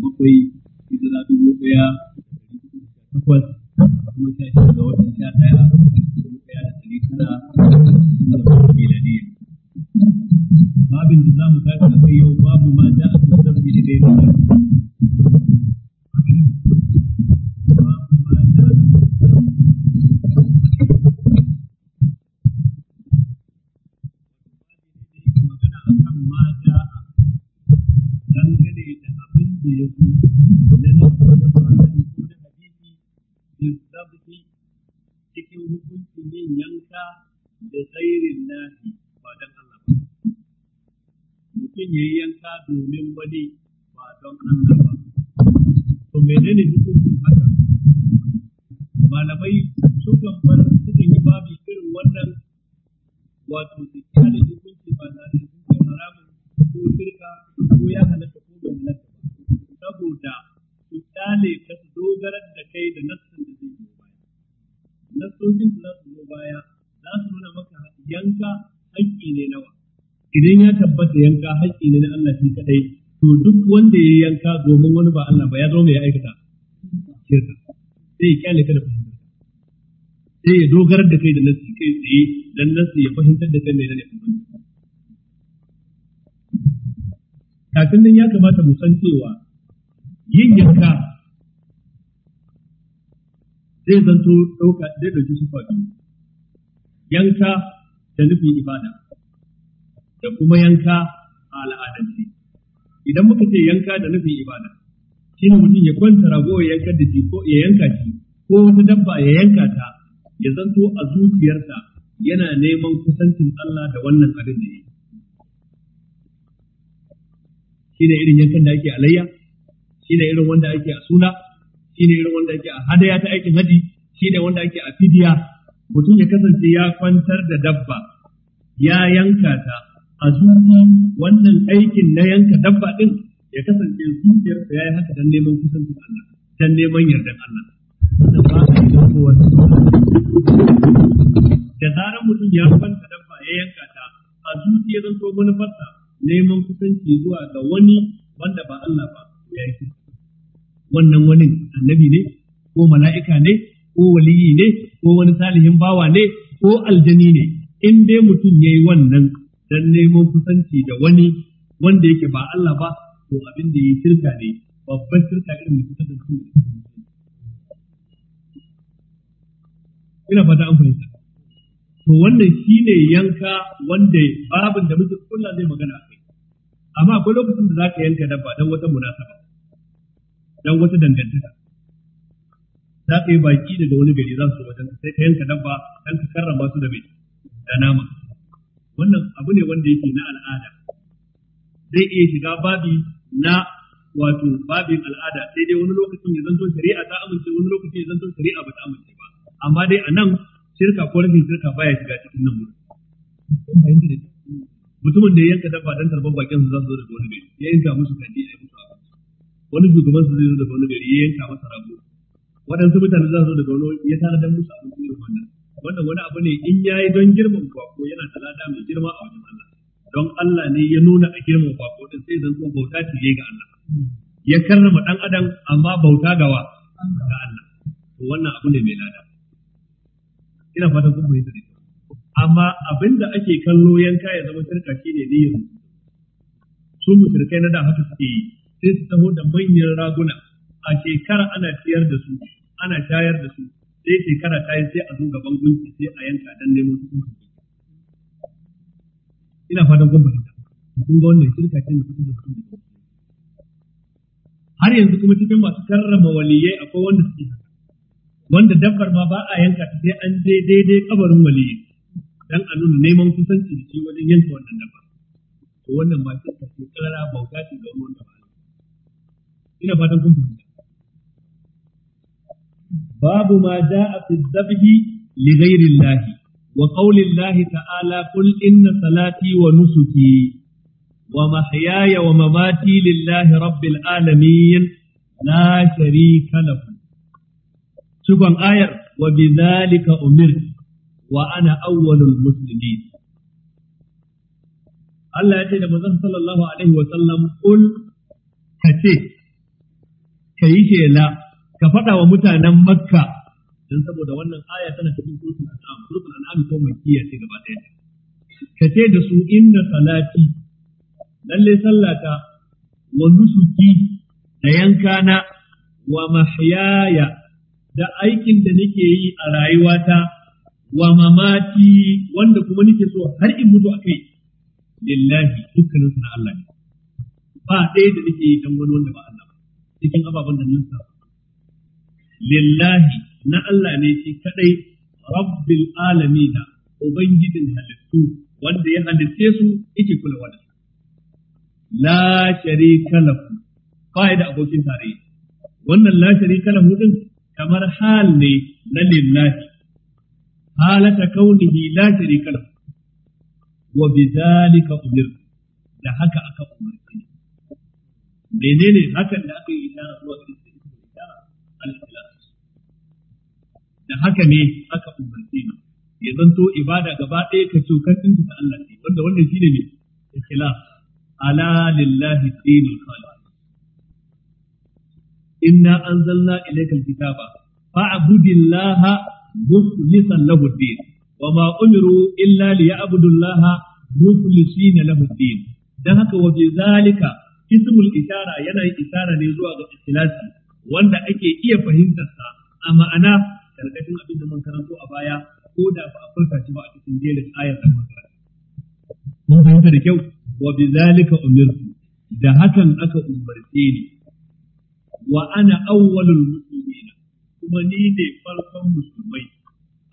bakwai hijira dubu ɗaya domin wani ba don Allah ba. To menene hukuncin haka? Malamai sukan sukan yi babu irin wannan wato zikirar idan ya tabbata yanka haƙƙi ne na Allah shi kadai to duk wanda ya yanka domin wani ba Allah ba ya zama mai aikata shirka sai ya kyale ka da fahimta sai ya dogar da kai da nasi kai tsaye dan nasi ya fahimtar da kai ne da ne kafin nan ya kamata mu san cewa yin yanka zai zanto ɗauka zai ɗauki sufa biyu yanka da nufin ibada da kuma yanka a al'adance idan muka ce yanka da nufin ibada ne mutum ya kwanta rago ya yanka da shi ko ya yanka shi ko wata dabba ya yanka ta ya zanto a zuciyarsa yana neman kusancin Allah da wannan abin da Shi ne irin yankan da ake alayya ne irin wanda ake a suna ne irin wanda ake a hadaya ta aikin shi ne wanda ake a fidiya mutum ya kasance ya kwantar da dabba ya yanka ta A azumi wannan aikin na yanka dabba ɗin, ya kasance zuciyarsa ya yi haka dan neman kusancin Allah dan neman yardan Allah da zarar mutum ya kwanta dabba ya yanka ta a zuciya zan so manufarsa neman kusanci zuwa ga wani wanda ba Allah ba ya yi wannan wani annabi ne ko mala'ika ne ko waliyi ne ko wani salihin bawa ne ko aljani ne in dai mutum ya yi wannan dan neman kusanci da wani wanda yake ba Allah ba to abin da yi shirka ne babban shirka irin da kusa da su ina fata an fahimta to wannan shine yanka wanda babin da muke kulla zai magana akai amma akwai lokacin da zaka yanka dabba dan wata munasaba dan wata dangantaka za ka yi baki daga wani gari za su wajen sai ka yanka dabba don ka karrama su da mai da nama wannan abu ne wanda yake na al'ada zai iya shiga babi na wato babin al'ada sai dai wani lokacin ya zanto shari'a ta amince wani lokacin ya zanto shari'a ba ta amince ba amma dai anan shirka ko rashin shirka baya shiga cikin nan wurin mutumin da ya yanka dabba dan tarbar bakin su za su zo daga wani gari ya yanka musu kandi a yi musu abu wani shugaban su zai zo daga wani gari ya yanka masa rago waɗansu mutane za su zo daga wani ya tana dan musu abinci irin wannan wannan wani abu ne in yayi don girman kwako yana da lada mai girma a wajen Allah don Allah ne ya nuna a girman kwako din sai zan zo bauta ce ga Allah ya karrama dan adam amma bauta gawa ga Allah to wannan abu ne mai lada ina fatan kun fahimta ne amma abinda ake kallo yanka ya zama shirka shine ne yanzu su musulkai na da haka suke yi sai su taho da manyan raguna a shekara ana ciyar da su ana shayar da su sai shekara ta yi sai a zo gaban gunki sai a yanka dan neman hukuncin ina fatan kun fahimta kun ga wannan shirka ce mai fitar da kuma. har yanzu kuma cikin masu karrama waliyai akwai wanda suke haka wanda dabbar ma ba a yanka ta sai an je daidai kabarin waliyai dan a nuna neman kusanci da shi wajen yanka wannan dabbar to wannan ma shirka ce karara bauta ce ga wanda ba ina fatan kun fahimta babu ma jaa fi dhabhi li ghayri wa qawli ta'ala qul inna salati wa nusuki wa mahyaya wa mamati lillahi rabbil alamin la sharika lahu cikon ayar wa bidhalika umirtu wa ana awwalul muslimin Allah ya ce da manzon sallallahu alaihi wa sallam kul kace kayi shela ka faɗa wa mutanen makka don saboda wannan aya tana cikin surutun al'am surutun al'am ko makkiya ce gaba ɗaya ka ce da su inna salati lalle sallata wa nusuki da yankana wa mahyaya da aikin da nake yi a rayuwata wa mamati wanda kuma nake so har in mutu akai lillahi dukkanin na Allah ne ba ɗaya da nake yi dan wani wanda ba Allah ba cikin ababen da nan sa lillahi na Allah ne shi kadai rabbil alamin ubangijin halittu wanda ya halitte su yake kulawa da su la sharika lahu ba abokin tarayya wannan la sharika lahu din kamar hal ne na lillahi halata kaunihi la sharika lahu wa bidhalika umir da haka aka umarci menene hakan da aka yi isharar zuwa ga isharar da haka ne aka umarce mu ya zanto ibada gaba ɗaya ka ce kan ɗinta ta Allah ne wanda wannan shine ne ikhlas ala lillahi dinul khalis inna anzalna ilaykal kitaba fa'budillaha mukhlishan lahu din wa ma umiru illa liya'budullaha mukhlishin lahu din dan haka wa bi zalika ismul isara yana isara ne zuwa ga ikhlasi wanda ake iya fahimtar sa a ma'ana karkashin abin da mun karanto a baya ko da ba a furta shi ba a cikin jerin ayar da muka mun fahimta da kyau wa bizalika umirtu da hakan aka umarce ni wa ana awwalul muslimin kuma ni ne farkon musulmai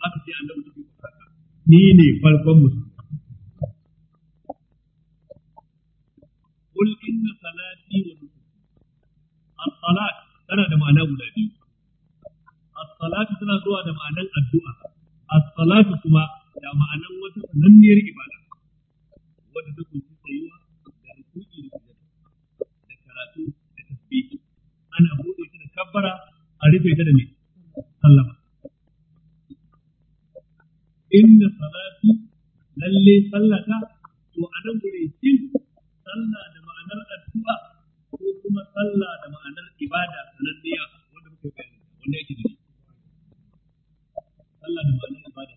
aka ce annabi take fara ni ne farkon musulmai قل إن صلاتي ونسكي الصلاة tana da ma'ana guda biyu as-salatu tana zuwa da ma'anar addu'a as-salatu kuma da ma'anar wata sananniyar ibada wanda ta kunshi tsayuwa da rukuki da sujada da karatu da tasbihi ana bude ta da kabbara a rufe ta da mai sallama inna salati lalle sallata to anan gure shin sallah da ma'anar addu'a ko kuma sallah da ma'anar ibada sananniya wanda muke bayani wanda yake da shi Allah da ma'anar ibada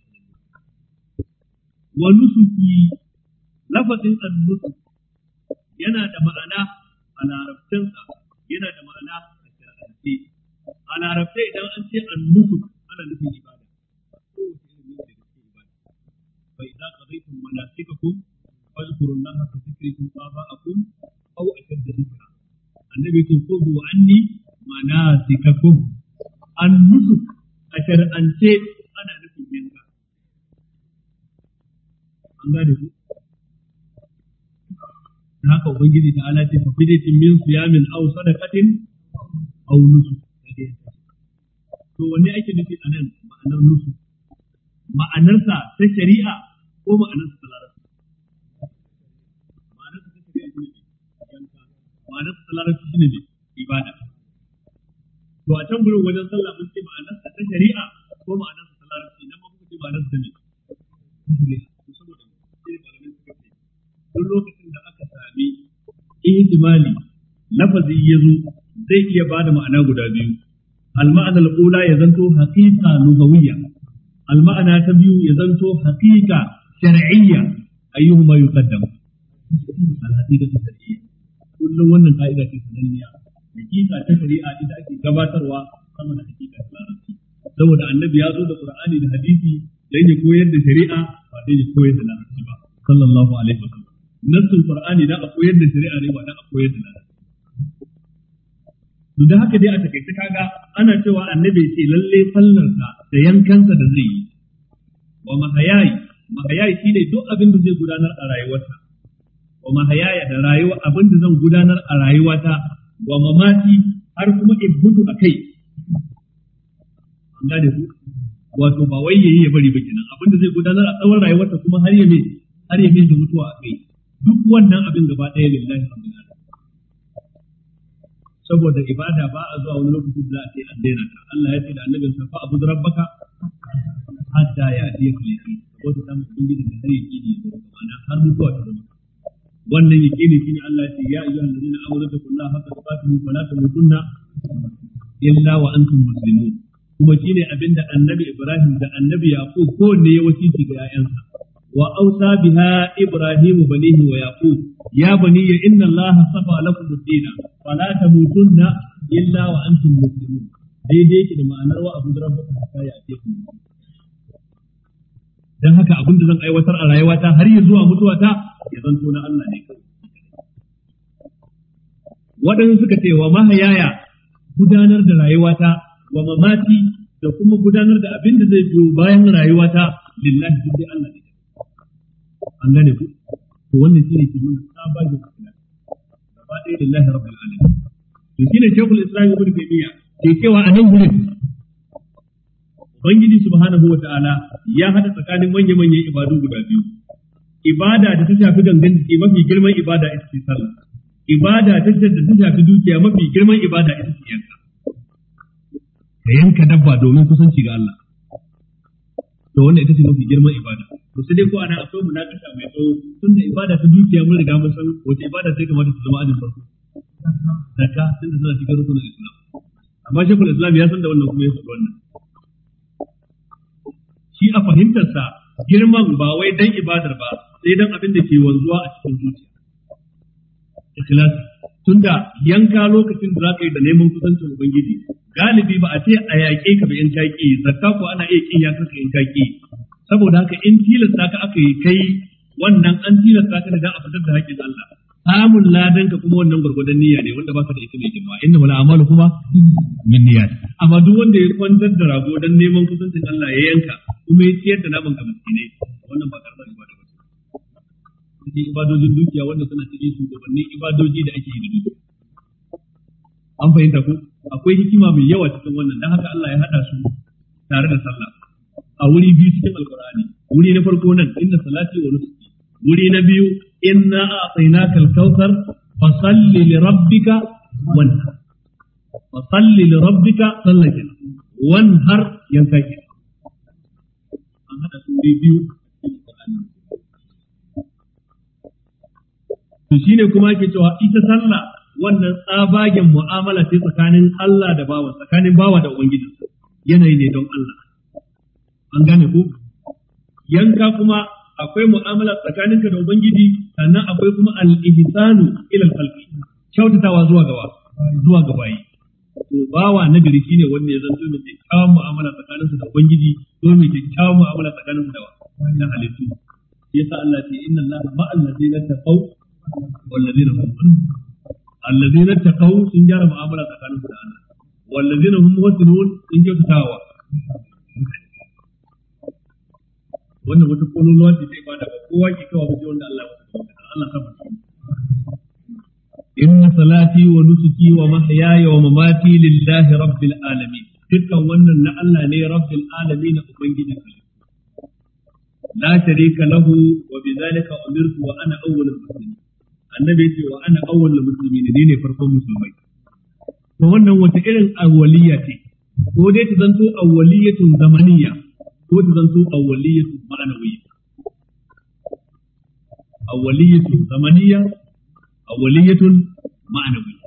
wa nusufi lafazin an nusuf yana da ma'ana a larabtan sa yana da ma'ana a shar'ance a larabtan idan an ce an nusuf ana nufin ibada kowace irin ne da cikin ibada fa idza qadaytum manasikakum fadhkuru allaha ka dhikrikum aba'akum aw ashadda dhikra annabi ce khudhu anni manasikakum an nusuf a shar'ance an gane ku da haka ubangiji ta ala ce fafidatin min siyamin aw sadaqatin aw nusu to wanne ake nufi a nan ma'anar nusu ma'anarsa ta shari'a ko ma'anarsa ta larabci ma'anarsa ta shari'a shi ne ma'anarsa ta larabci shi ne ibada to a can gurin wajen sallah mun ce ma'anarsa ta shari'a ko ma'anarsa ta larabci nan ma kuka ce ma'anarsa ta ne ne malamai suka ce duk lokacin da aka sami ihtimali lafazi ya zo zai iya ba da ma'ana guda biyu al-ma'ana al-ula ya zanto haqiqa lugawiyya al-ma'ana ta biyu ya zanto haqiqa shar'iyya ayyuhuma yuqaddam al-haqiqa shar'iyya kullum wannan ka'ida ce sananniya hakika ta shari'a ita ake gabatarwa sama da hakika ta larabci saboda annabi ya zo da qur'ani da hadisi dan ya koyar da shari'a ba dan ya koyar da larabci ba sallallahu alaihi wa sallam nassin qur'ani da a koyar da shari'a ne ba da a koyar da larabci to da haka dai a takaice kaga ana cewa annabi ce lalle fallarsa da yankansa da zai yi wa mahayayi shi ne duk abin da zai gudanar a rayuwarsa wa mahayaya da rayuwa abin da zan gudanar a rayuwata wa mamati har kuma in mutu a kai an gane ku wato ba wai yayi ya bari ba kenan abin da zai gudanar a tsawon rayuwarsa kuma har ya me har ya kai da mutuwa a kai duk wannan abin gaba ɗaya lillahi rabbil saboda ibada ba a zuwa wani lokaci da za a ce an daina ta Allah ya ce da annabin sa fa abu rabbaka hatta ya ji ka yi ko ta samu ubangiji da sai yake ne ma'ana har mutuwa ta zama wannan yake ne shine Allah ya ce ya ayyuhal ladina amanu taqullaha haqqa tuqatihi wa la tamutunna illa wa antum muslimun kuma shine abinda annabi Ibrahim da annabi Yaqub ne ya wasiti ga 'ya'yansa وأوصى بها إبراهيم بنيه ويعقوب يا بني إن الله صفى لكم الدين فلا تموتن إلا وأنتم مسلمون daidai ki da ma'anar wa abin da rabbaka haka ya a ku dan haka abin da zan aiwatar a rayuwata har ya zuwa mutuwata ya zanto na Allah ne waɗansu suka ce wa mahayaya gudanar da rayuwata wa mamati da kuma gudanar da abin da zai biyo bayan rayuwata lillahi duk Allah ne an gane ku to wannan shine ke nuna sabajin akhlaq gaba ɗaya da lillahi rabbil alamin to shine shaykhul islam ibn taymiya ke cewa a nan gurin Ubangiji subhanahu wa ta'ala ya hada tsakanin manya-manyan ibadu guda biyu, ibada da ta shafi dangantaki mafi girman ibada ita ce sallah ibada ta da ta shafi dukiya mafi girman ibada ita ce yanka ka yanka dabba domin kusanci ga Allah to wannan ita ce mafi girman ibada to sai dai ko anan akwai munakasha mai tsawo tun da ibada ta dukiya mun riga mun san wace ibada sai kamata ta zama ajin farko zakka tunda suna cikin rukunin islam amma shekul islam ya san da wannan kuma ya faɗi wannan shi a fahimtarsa girman ba wai dan ibadar ba sai dan abin da ke wanzuwa a cikin zuciya ikhlas tunda yanka lokacin da zaka yi da neman kusancin ubangiji galibi ba a ce a yaƙe ka ba in ka zakka ko ana iya kin yaƙar ka in ka saboda haka in tilasta ka aka yi kai wannan an tilasta ka da a fitar da haƙƙin Allah samun ladan ka kuma wannan gurgurdan niyya ne wanda baka da ita mai girma inna wala amalu kuma min niyyat amma duk wanda ya kwantar da rago dan neman kusancin Allah ya yanka kuma ya ciyar da naman ka miskine wannan ba karɓar ibada ba cikin ibadojin dukiya wanda suna cikin shugabannin ibadoji da ake yi da dukiya an fahimta ku. akwai hikima mai yawa cikin wannan dan haka Allah ya hada su tare da sallah a wuri biyu cikin alkur'ani wuri na farko nan inna salati wa nusuki wuri na biyu inna a'tainaka al-kautsar fasalli li rabbika wanhar fasalli li rabbika sallakin wanhar yankaki an hada su wuri biyu to shine kuma yake cewa ita sallah wannan tsabagen mu'amala ce tsakanin Allah da bawa tsakanin bawa da ubangijinsa yanayi ne don Allah an gane ko yanka kuma akwai mu'amala tsakaninka da ubangiji sannan akwai kuma al-ihsanu ila al-khalqi kyautatawa zuwa gaba zuwa ga bayi to bawa na gari shine wanda ya zanto mai kyakkyawan mu'amala tsakaninsa da ubangiji ko mai kyakkyawan mu'amala tsakaninsa da da halittu yasa Allah ya ce inna Allah ma'al ladina taqaw wal ladina hum alladina taqaw sun gyara mu'amala tsakanin da Allah wal ladina hum muhsinun sun kyautatawa wannan wata kololuwa ce ta ibada ba kowa ke kawo ba wanda Allah ya masa Allah sa mutum inna salati wa nusuki wa mahyaya wa mamati lillahi rabbil alami, dukkan wannan na Allah ne rabbil alami alamin ubangijin halittu la sharika lahu wa bidhalika umirtu wa ana awwalul muslimin annabi ce wa ana awwalul muslimin ni ne farkon musulmai to wannan wata irin awwaliyya ce ko dai ta zanto awwaliyatun zamaniyya ko ta zanto awwaliyatu ma'anawiyya awwaliyatu zamaniyya awwaliyatun ma'anawiyya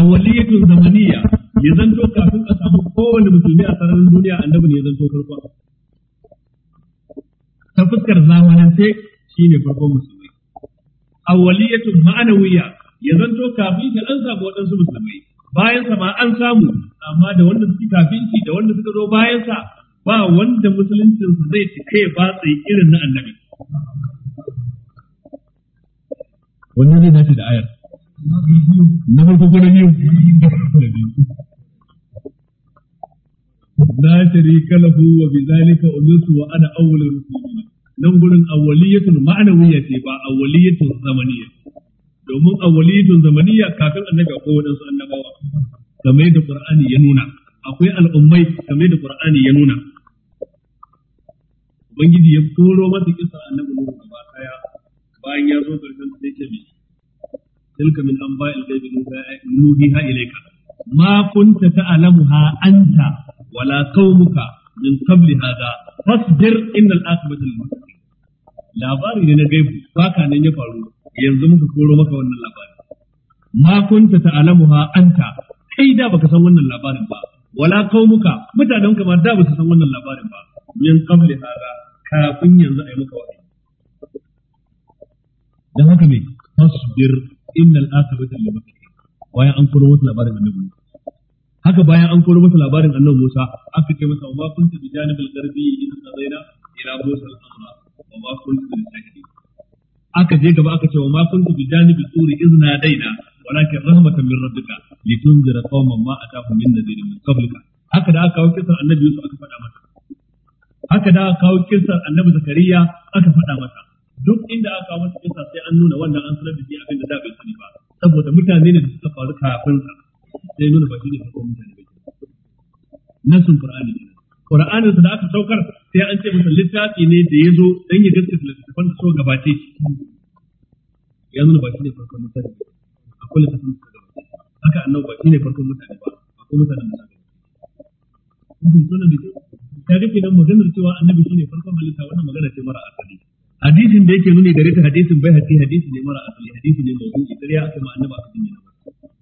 awwaliyatun zamaniyya ya zanto kafin a samu kowane musulmi a sararin duniya annabi ne ya zanto farko ta fuskar zamanance shine farkon musulmi awwaliyatun ma'anawiyya ya zanto kafin ka an samu waɗansu musulmai bayan sa ba an samu amma da wanda suke kafin shi da wanda suka zo bayan sa ba wanda musuluncin su zai cika ba batsa irin na annabi wannan zai dace da ayar na farko ko na biyu la sharika lahu wa bizalika umirtu wa ana awwalur rusulina nan gurin awwaliyatun ma'anawiyya ce ba awwaliyatun zamaniyya domin a walidun zamaniya kafin annabi akwai waɗansu annabawa kamar yadda qur'ani ya nuna akwai al'ummai kamar yadda qur'ani ya nuna ubangiji ya koro masa kisa annabi nuhu gaba kaya. bayan ya zo karshen sai ta bi tilka min an anba'il ghaibi nuhiha ilayka ma kunta ta'lamuha anta wala qaumuka min qabli hadha fasbir innal aqibata lil muttaqin labari ne na gaibu baka nan ya faru yanzu muka koro maka wannan labarin ma kunta ta'lamuha anta kai da baka san wannan labarin ba wala qaumuka mutanen ka ma da ba san wannan labarin ba min qabli hada kafin yanzu ai maka wani. dan haka me fasbir innal aqibata lil muttaqin bayan an koro masa labarin annabi Musa haka bayan an koro masa labarin annabi Musa aka ce masa wa ma kunta bi janibil gharbi in qadaina ila Musa al-amra wa ma kunta bi shakki aka je gaba aka ce wa ma kuntu bi janibi turi izna daina walakin rahmatan min rabbika litunzira qauman ma atahum min nadhirin min qablika haka da aka kawo kisan annabi Yusuf aka faɗa masa haka da aka kawo kisan annabi Zakariya aka faɗa masa duk inda aka kawo masa kisa sai an nuna wannan an sanar da shi abin da da bai sani ba saboda mutane ne da suka faru kafin sa sai nuna ba shi ne farkon mutane ba sun qur'ani ne Qur'anin da aka saukar sai an ce masa littafi ne da ya zo dan ya gaskata littafin da so gabace shi ya nuna ba shi ne farkon mutane a kullum da ka gabace haka annabi ba shi ne farkon mutane ba a kuma da suka gabace kun bai ta rufe nan maganar cewa annabi shi ne farkon halitta wannan magana ce mara asali hadisin da yake nuni gare ta hadisin bai hadisi hadisi ne mara asali hadisi ne mawdu'i ya aka ma annabi aka dinga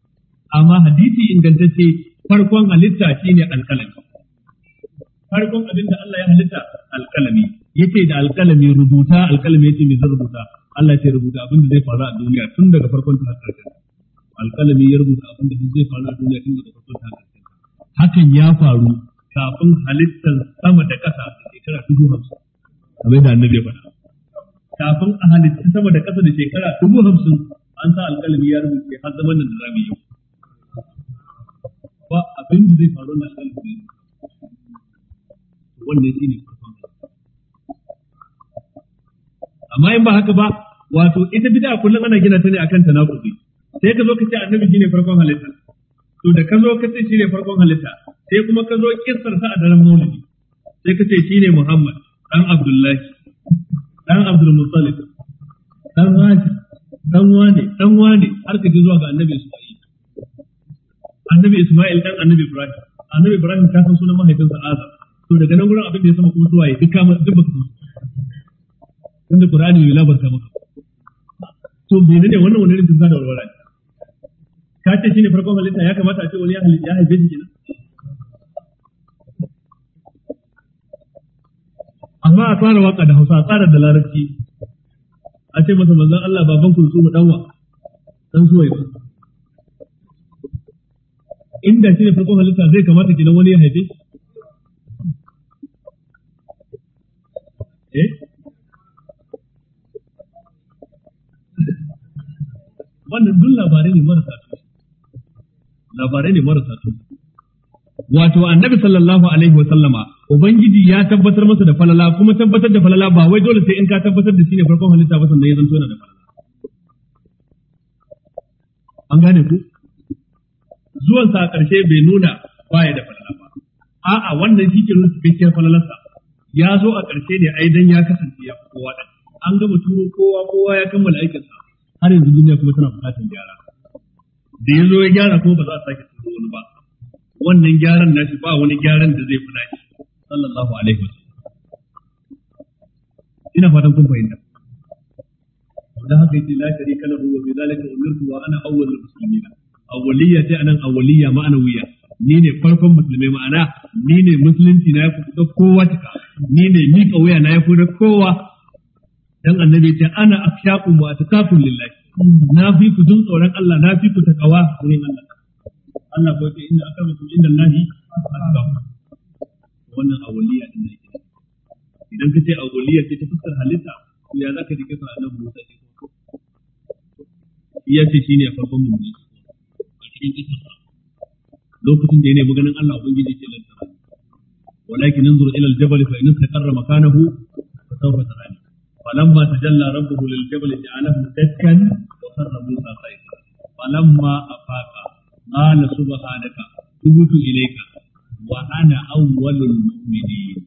amma hadisi ingantacce farkon halitta shine alkalami farkon abin da Allah ya halitta alkalami yace da alkalami rubuta alkalami yace me zai rubuta Allah ya rubuta abin da zai faru a duniya tun daga farkon ta harkar alkalami ya rubuta abin da zai faru a duniya tun daga farkon ta harkar hakan ya faru kafin halittar sama da ƙasa da shekara dubu hamsin kamar da annabi ya faɗa kafin a halitta sama da ƙasa da shekara dubu hamsin an sa alkalami ya rubuta har zaman nan da zamu yi ba abin da zai faru na alkalami wannan ne farkon amma in ba haka ba wato ita bid'a kullum ana gina ta ne akan tanakudi sai ka zo ka ce annabi ne farkon halitta to da ka zo ka ce shi ne farkon halitta sai kuma ka zo kissar sa a daren maulidi sai ka ce shi ne Muhammad dan Abdullahi dan Abdul Muttalib dan Hashim dan wane dan wane har ka ji zuwa ga annabi Isma'il annabi Isma'il dan annabi Ibrahim annabi Ibrahim ka san sunan mahaifinsa Azam to daga nan gurin abin da ya sama kuma suwaye duk kama duk baka san tunda qur'ani bai labarta maka to bai ne wannan wani irin tunza da walwala ka ce shine farkon halitta ya kamata a ce wani ya halitta ya haife shi kenan amma a tsara waka da Hausa a tsara da Larabci a ce masa manzon Allah baban ku su mu danwa dan suwaye ba inda shine farkon halitta zai kamata kenan wani ya haife shi Eh? wannan duk labarai ne marasa tushe labarai ne marasa tushe wato annabi sallallahu alaihi wa sallama ubangiji ya tabbatar masa da falala kuma tabbatar da falala ba wai dole sai in ka tabbatar da shi ne farkon halitta ba sannan ya zanto yana da falala an gane ku zuwan sa a ƙarshe bai nuna baya da falala ba a'a wannan shi ke nuna cikakkiyar falalarsa ya zo a ƙarshe ne ai dan ya kasance ya kowa da an gama turo kowa kowa ya kammala aikinsa har yanzu duniya kuma tana buƙatar gyara da ya zo ya gyara kuma ba za a sake turo wani ba wannan gyaran nashi ba wani gyaran da zai fada shi sallallahu alaihi wasallam ina fatan kun fahimta Da haka yake la sharika lahu wa bi zalika umirtu wa ana awwalul muslimin awwaliyya ta anan awwaliyya ma'anawiyya ni ne farkon musulmi ma'ana ni ne musulunci na ya fi kowa cika ni ne ni wuya na ya fi kowa dan annabi ce ana afshaqu wa ataqakum lillahi na fi ku jin tsoron Allah na fi ku takawa wurin Allah Allah ko ce aka akramakum inda Allahi atqakum wannan awliya din ne idan ka ce awliya ce ta fuskar halitta to ya zaka dike sa annabi Musa ce shi ce shine farkon musulmi. a cikin kisa lokacin da ya nemi ganin Allah ubangiji ce lan tara walakin nanzur ila al-jabal fa in istaqarra makanahu fa sawfa tarani falamma tajalla rabbuhu lil jabal ja'alahu dakkan wa sarra musa sayfa falamma afaqa qala subhanaka tubtu ilayka wa ana awwalul mu'minin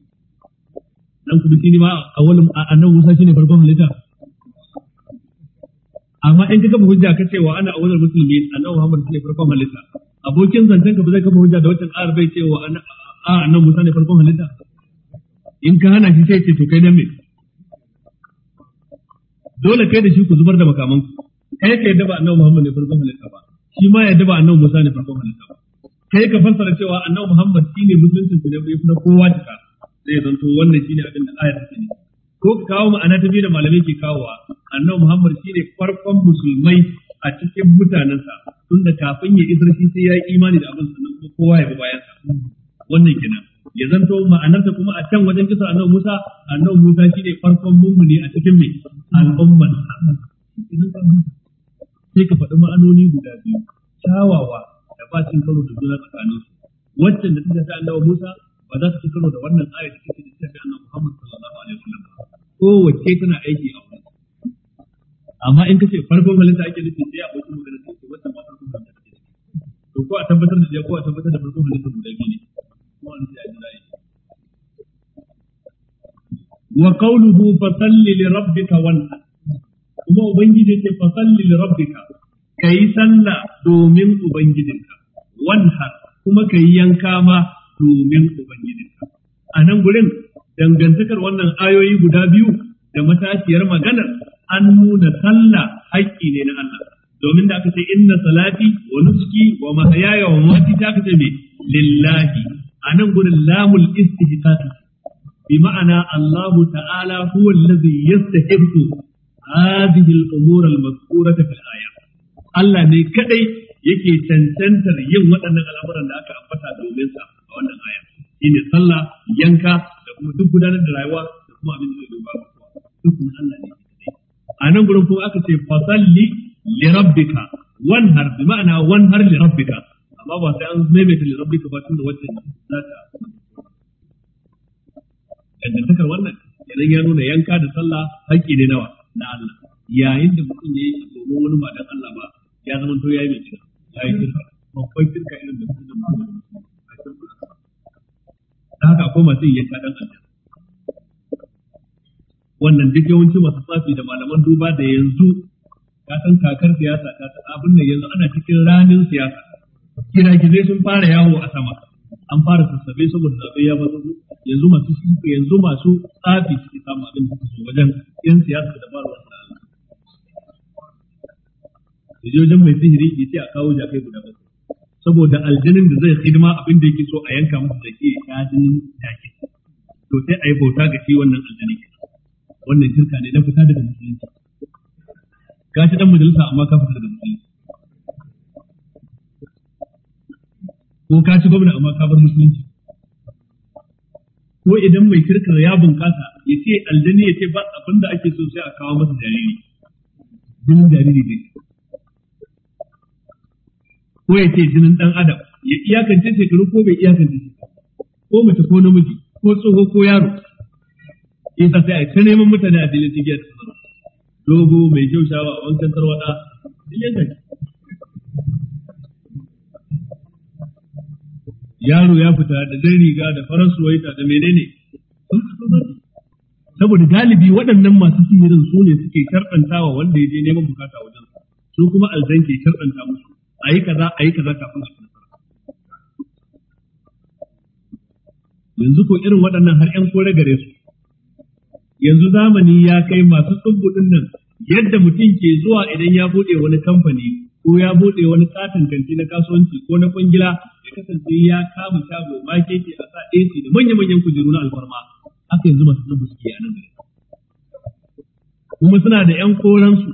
dan ku bi ne ma awwalul annabi wusa shine farkon lita? amma in kaga hujja kace wa ana awwalul muslimin annabi Muhammad shine farkon lita. abokin zancen ka ba zai kafa hujja da wancan ƙarar bai cewa a nan Musa ne farkon halitta in ka hana shi sai ce to kai dan me dole kai da shi ku zubar da makaman ku kai ka yadda ba annabi Muhammad ne farkon halitta ba shi ma yadda ba annabi Musa ne farkon halitta ba kai ka fassara cewa annabi Muhammad shine musulunci ne bai fi kowa kowa cika zai zanto wannan shine abin da ayar take ko ka kawo ma'ana ta biyu da malamai ke kawowa annabi Muhammad shine farkon musulmai a cikin mutanensa tunda kafin ya isar sai ya yi imani da abin sannan kuma kowa ya bi bayan sa wannan kenan ya zanto ma'anarta kuma a can wajen kisa annabi Musa annabi Musa shine farkon ne a cikin mai al'umman sai ka faɗi ma'anoni guda biyu kyawawa da ba cin karo da juna tsakanin su waccan da take ta annabi Musa ba za ta ci karo da wannan ayat da take da ta annabi Muhammad sallallahu alaihi wasallam ko wacce tana aiki a amma in kace farkon halitta ake nufi sai a wasu magana ta ce wannan ma farkon da ake to ko a tabbatar da ya ko a tabbatar da farkon halitta guda biyu ne ko an sai a jira yi wa qawluhu salli li rabbika wanha kuma ubangiji ce salli li rabbika kai sallah domin ubangijinka wanha kuma kai yanka ma domin ubangijinka a nan gurin dangantakar wannan ayoyi guda biyu da matashiyar maganar an nuna sallah haƙƙi ne na Allah domin da aka ce inna salati wa nuski wa mahayaya wa mamati ta aka ce me lillahi anan gurin lamul istihqaq bi ma'ana Allah ta'ala huwa allazi yastahiqu hadhihi al-umur al-mazkura fil aya Allah ne kadai yake cancantar yin waɗannan al'amuran da aka ambata domin sa a wannan aya shine sallah yanka da kuma duk gudanar da rayuwa da kuma abin da zai ba duk Allah ne a nan gurin kuma aka ce fasalli li rabbika wanhar bi ma'ana wanhar li rabbika amma ba sai an maimaita li rabbika ba tun da wacce za ta dangantakar wannan idan ya nuna yanka da sallah haƙƙi ne nawa na Allah yayin da mutum ya yi domin wani ba dan Allah ba ya zama to yayi yi mai kira ya yi Ba babban kirka irin da suka da mutum da haka akwai masu yanka dan Allah wannan duk yawanci masu tsafi da malaman duba da yanzu ka san kakar siyasa ta ta abin da yanzu ana cikin ranin siyasa kira zai sun fara yawo a sama an fara sassabe saboda zaɓe ya bazu yanzu masu yanzu masu tsafi suke samun abin da su wajen yan siyasa da ba wasu Allah Rijiyojin mai sihiri ke ce a kawo jakai guda ba, saboda aljinin da zai hidima abin da yake so a yanka masa da ke ya jinin jakin to sai a yi bauta ga shi wannan aljinin wannan shirka ne na fita daga musulunci ka shi dan majalisa amma ka fita daga musulunci ko ka ci gwamna amma ka bar musulunci ko idan mai shirkar ya bunƙasa ya ce aldani ya ce ba abin da ake so sai a kawo masa jariri jinin jariri ne. ko ya ce jinin ɗan adam ya iyakance shekaru ko bai iyakance shekaru ko mace ko namiji ko tsoho ko yaro Isa sai a ta neman mutane a filin cikin da sanarwa dogo mai kyau shawa a wancan tarwada yanka yaro ya fita da zai riga da farar suwaita da menene saboda galibi waɗannan masu sihirin su ne suke sharɗantawa wanda ya je neman bukata wajen su kuma aljan ke karɓanta musu a yi kaza a yi kaza kafin su yanzu ko irin waɗannan har 'yan kore gare su yanzu zamani ya kai masu tsubbudin nan yadda mutum ke zuwa idan ya bude wani kamfani ko ya bude wani katin kanti na kasuwanci ko na kwangila ya kasance ya kama shago ma keke a sa AC da manya-manyan kujeru na alfarma haka yanzu masu tsubbu suke a nan gari kuma suna da ƴan koransu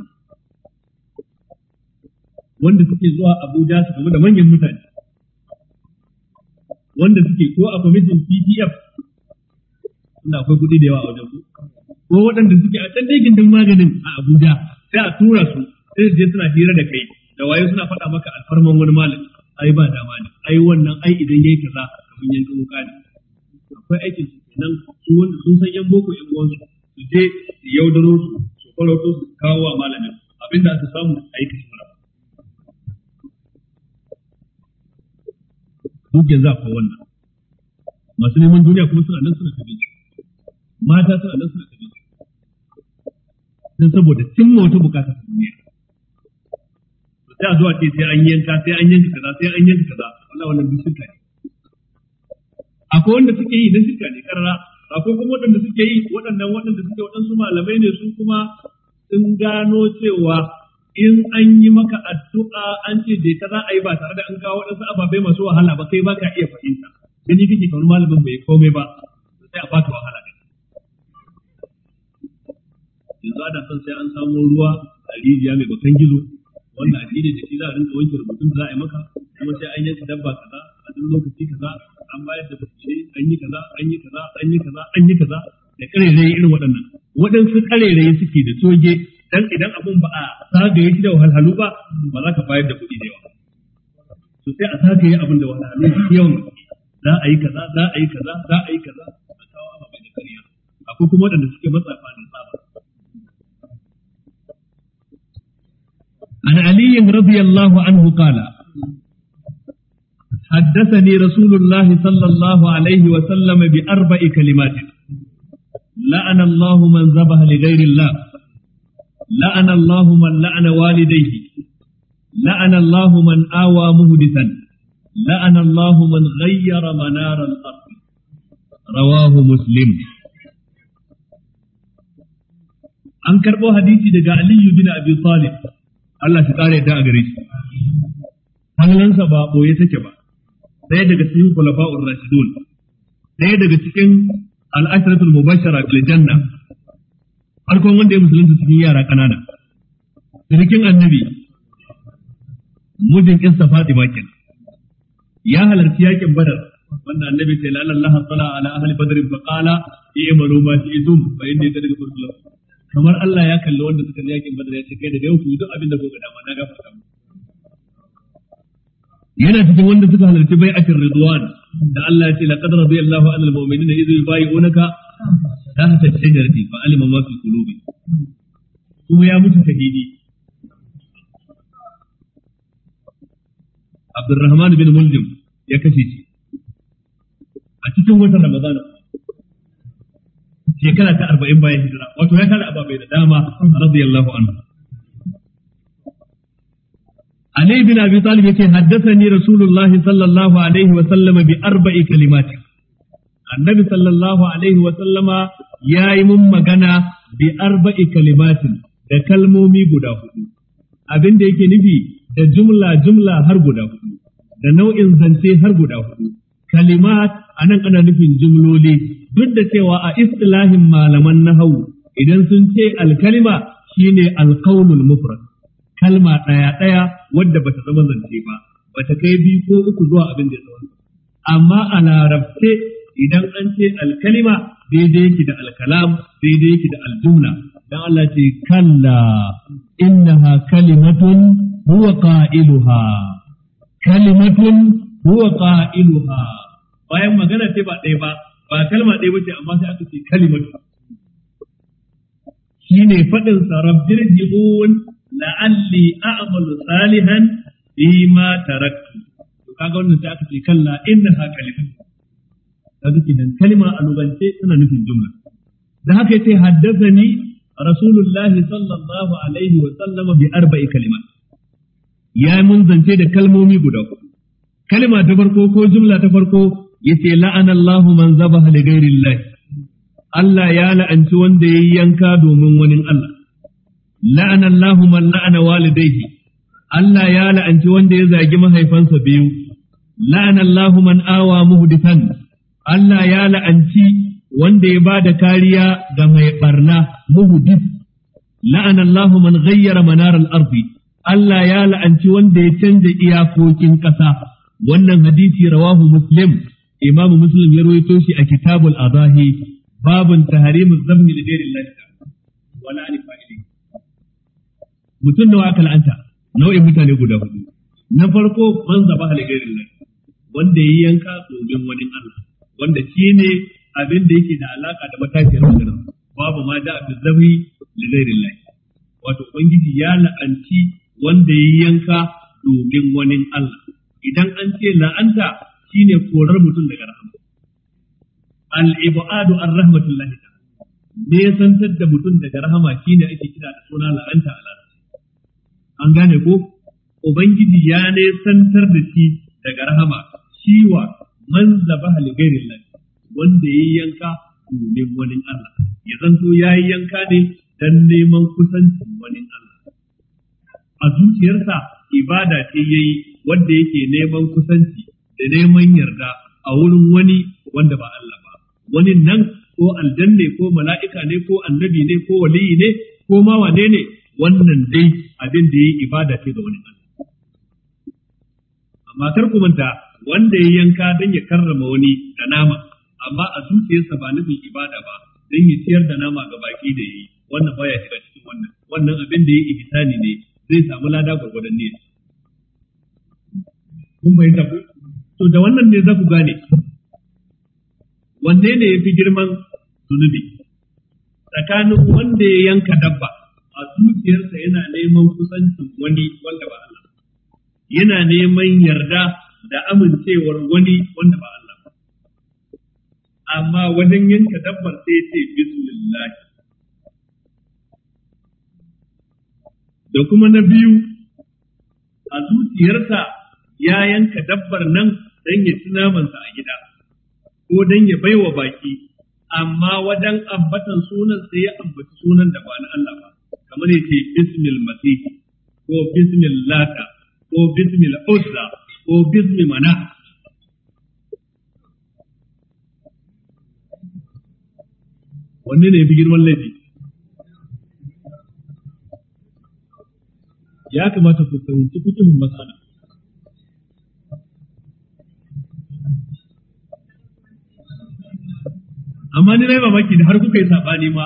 wanda suke zuwa Abuja su game da manyan mutane wanda suke ko a kwamitin PDF suna akwai kuɗi da yawa a wajen su ko waɗanda suke a can gindin maganin a Abuja sai a tura su sai je suna hira da kai da waye suna faɗa maka alfarman wani malam ai ba dama ne ai wannan ai idan yayi kaza kamar yanka wuka ne akwai aikin su nan su wanda sun san yan boko yan uwansu su je su yaudaro su su farauto su kawo wa malamin abinda aka samu a yi kashe mara duk yanzu akwai wannan masu neman duniya kuma suna nan suna tafi mata suna nan suna tafi don saboda cimma wata bukata ta duniya sai a zuwa ce sai an yanka sai an yanka kaza sai an yanka kaza Allah wannan duk shirka ne akwai wanda suke yi na shirka ne karara akwai kuma waɗanda suke yi waɗannan waɗanda suke waɗansu malamai ne su kuma sun gano cewa in an yi maka addu'a an ce dai ta za a yi ba tare da an kawo waɗansu ababai masu wahala ba kai ba ka iya fahimta gani kake kamar malamin bai komai ba sai a ta wahala yanzu ana son sai an samo ruwa a rijiya mai bakan gizo wanda a da shi za a rinka wanke rubutun za a yi maka kuma sai an yanka dabba kaza a duk lokaci kaza an bayar da bace an yi kaza an yi kaza an yi kaza an yi kaza da karerai irin waɗannan waɗansu karerai suke da soge dan idan abun ba a zagaye shi da wahalhalu ba ba za ka bayar da kuɗi da yawa to sai a zagaye abin da wahalhalu yawan za a yi kaza za a yi kaza za a yi kaza a kawo ababai da kariya. akwai kuma waɗanda suke matsafa da tsaba عن علي رضي الله عنه قال حدثني رسول الله صلى الله عليه وسلم بأربع كلمات لعن الله من ذبح لغير الله لعن الله من لعن والديه لعن الله من آوى مهدثا لعن الله من غير منار الأرض رواه مسلم an karɓo hadisi daga Aliyu bin Abi Talib Allah shi kare ta a gare shi hangalansa ba ɓoye take ba ɗaya daga cikin khulafa'ur rashidun ɗaya daga cikin al'ashiratul mubashara bil janna farkon wanda ya musulunta cikin yara ƙanana. cikin annabi mujin ƙinsa Fatima makin, ya halarci yakin badar wanda annabi ta lalla Allah sala ala ahli badr fa qala i'malu ma shi'tum fa inni qad ghafartu kamar Allah ya kalli wanda suka je yakin badar ya ce kai daga yau ku yi duk abin da kuka dama na gafarta muku yana cikin wanda suka halarci bai bai'atir ridwan da Allah ya ce laqad radiyallahu anil mu'minina idh yubayyi'unaka tahta shajarati fa alima ma fi qulubi kuma ya mutu shahidi Abdurrahman bin Muljim ya kashe shi a cikin watan Ramadana shekara ta arba'in bayan hijira wato ya tara ababai da dama radiyallahu anhu Ali bin Abi Talib yace haddathani Rasulullah sallallahu alaihi wa sallama bi arba'i kalimat Annabi sallallahu alaihi wa sallama yayi min magana bi arba'i kalimatin da kalmomi guda hudu abin da yake nufi da jumla jumla har guda hudu da nau'in zance har guda hudu kalimat nan ana nufin jumloli duk da cewa a istilahin malaman nahawu idan sun ce alkalima shine alqaulul mufrad kalma ɗaya ɗaya wadda bata zama zance ba bata kai biyu ko uku zuwa abin da ya zama amma a larabce idan an ce alkalima daidai yake da alkalam daidai yake da aljumla dan Allah ce kalla innaha kalimatun huwa qailuha kalimatun huwa qailuha bayan magana ce ba ɗaya ba ba kalma ɗaya bace amma sai aka ce kalimatu shine fadin sa rabbir ji'un la'alli a'malu salihan bima taraktu to kaga wannan sai aka ce kalla innaha kalimatu kaga kidan kalma a lugance tana nufin jumla da haka yace haddathani rasulullah sallallahu alaihi wa sallama bi arba'i kalimat ya mun zance da kalmomi guda uku kalma ta farko ko jumla ta farko yace la'ana Allahu man zabaha li ghairi Allah ya la'anci wanda yayi yanka domin wani Allah la'ana Allahu man la'ana walidayhi Allah ya la'anci wanda ya zagi mahaifansa biyu la'ana Allahu man awa muhdisan Allah ya la'anci wanda ya bada kariya ga mai barna muhdis la'ana Allahu man ghayyara manar al-ardi Allah ya la'anci wanda ya canza iyakokin ƙasa wannan hadisi rawahu muslim imam muslim ya rawaito shi a kitabul azahi babun tahrim az-zabn li ghayri Allah wala an fa'ili mutun nawa aka la'anta nau'in mutane guda hudu na farko man zaba li ghayri Allah wanda yayi yanka domin wani Allah wanda shi ne abin da yake da alaka da matashiyar wannan babu ma da abin zabi li ghayri Allah wato ubangiji ya la'anci wanda yayi yanka domin wani Allah idan an ce la'anta shine korar mutum daga rahama al-ibadu an rahmatullahi ne ya santar da mutum daga rahama shine ake kira da suna la'anta a an gane ko ubangiji ya ne santar da shi daga rahama shiwa man zabaha li ghairillah wanda yayi yanka domin wani Allah ya zanto yayi yanka ne dan neman kusancin wani Allah a zuciyarsa ibada ce yayi wanda yake neman kusanci da neman yarda a wurin wani wanda ba Allah ba wani nan ko aljanne ko mala'ika ne ko annabi ne ko waliyi ne ko ma wane ne wannan dai abin da yi ibada ce ga wani Allah amma kar ku manta wanda ya yanka dan ya karrama wani da nama amma a zuciyarsa ba nufin ibada ba dan ya ciyar da nama ga baki da yi, wannan baya shiga cikin wannan wannan abin da yi ihsani ne zai samu lada gurgurdan ne kun bayyana ku to da wannan ne za ku gane wanne ne ya fi girman zunubi tsakanin wanda ya yanka dabba a zuciyarsa yana neman kusancin wani wanda ba Allah yana neman yarda da amincewar wani wanda ba Allah amma wajen yanka dabbar sai ce bismillah da kuma na biyu a zuciyarsa ya yanka dabbar nan dan ya ci namansa a gida ko dan ya baiwa baki amma wajen ambatan sunan sai ya ambaci sunan da ba na Allah ba kamar ya ce bismil masih ko bismil lata ko bismil uzza ko bismil mana wanne ne fi girman laifi ya kamata ku fahimci fikihun masana amma ni nayi mamaki da har kuka yi sabani ma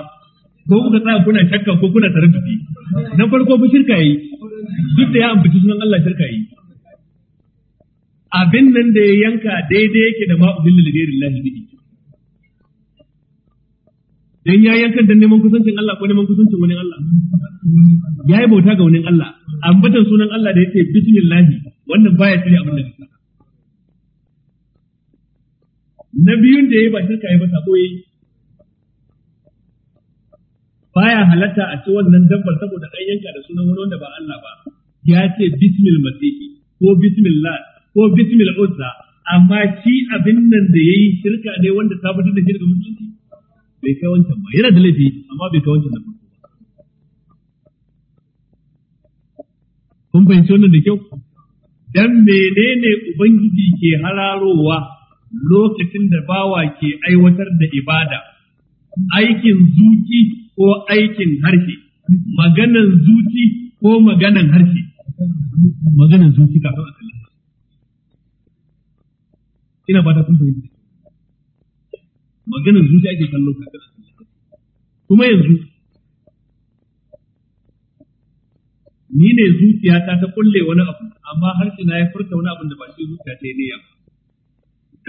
ko kuka tsaya kuna shakka ko kuna taradudi na farko fa shirka yi duk da ya ambaci sunan Allah shirka yi abin nan da ya yanka daidai yake da ma'udillil ghairillah bihi dan ya yankan dan neman kusancin Allah ko neman kusancin wani Allah ya yi bauta ga wani Allah ambatan sunan Allah da yake bismillah wannan baya cire abin da kasa na biyun da ya yi ba shirka yi ba sako Ba baya halatta a ci wannan dabbar saboda an yanka da sunan wani wanda ba Allah ba ya ce bismil masihi ko bismillah ko bismil uzza amma shi abin nan da yayi shirka ne wanda ta fitar da shirka musulunci bai kai wancan ba yana da laifi amma bai kai wancan ba kun fahimci wannan da kyau dan menene ubangiji ke hararowa lokacin da bawa ke aiwatar da ibada aikin zuci ko aikin harshe maganan zuci ko maganan harshe maganan zuci kafin a kallon ina ba ta kun fahimta maganan zuci ake kallo kafin a kallon kuma yanzu ni ne zuciyata ta kulle wani abu amma harshe na ya furta wani abu da ba shi zuciya ta yi ne ya ba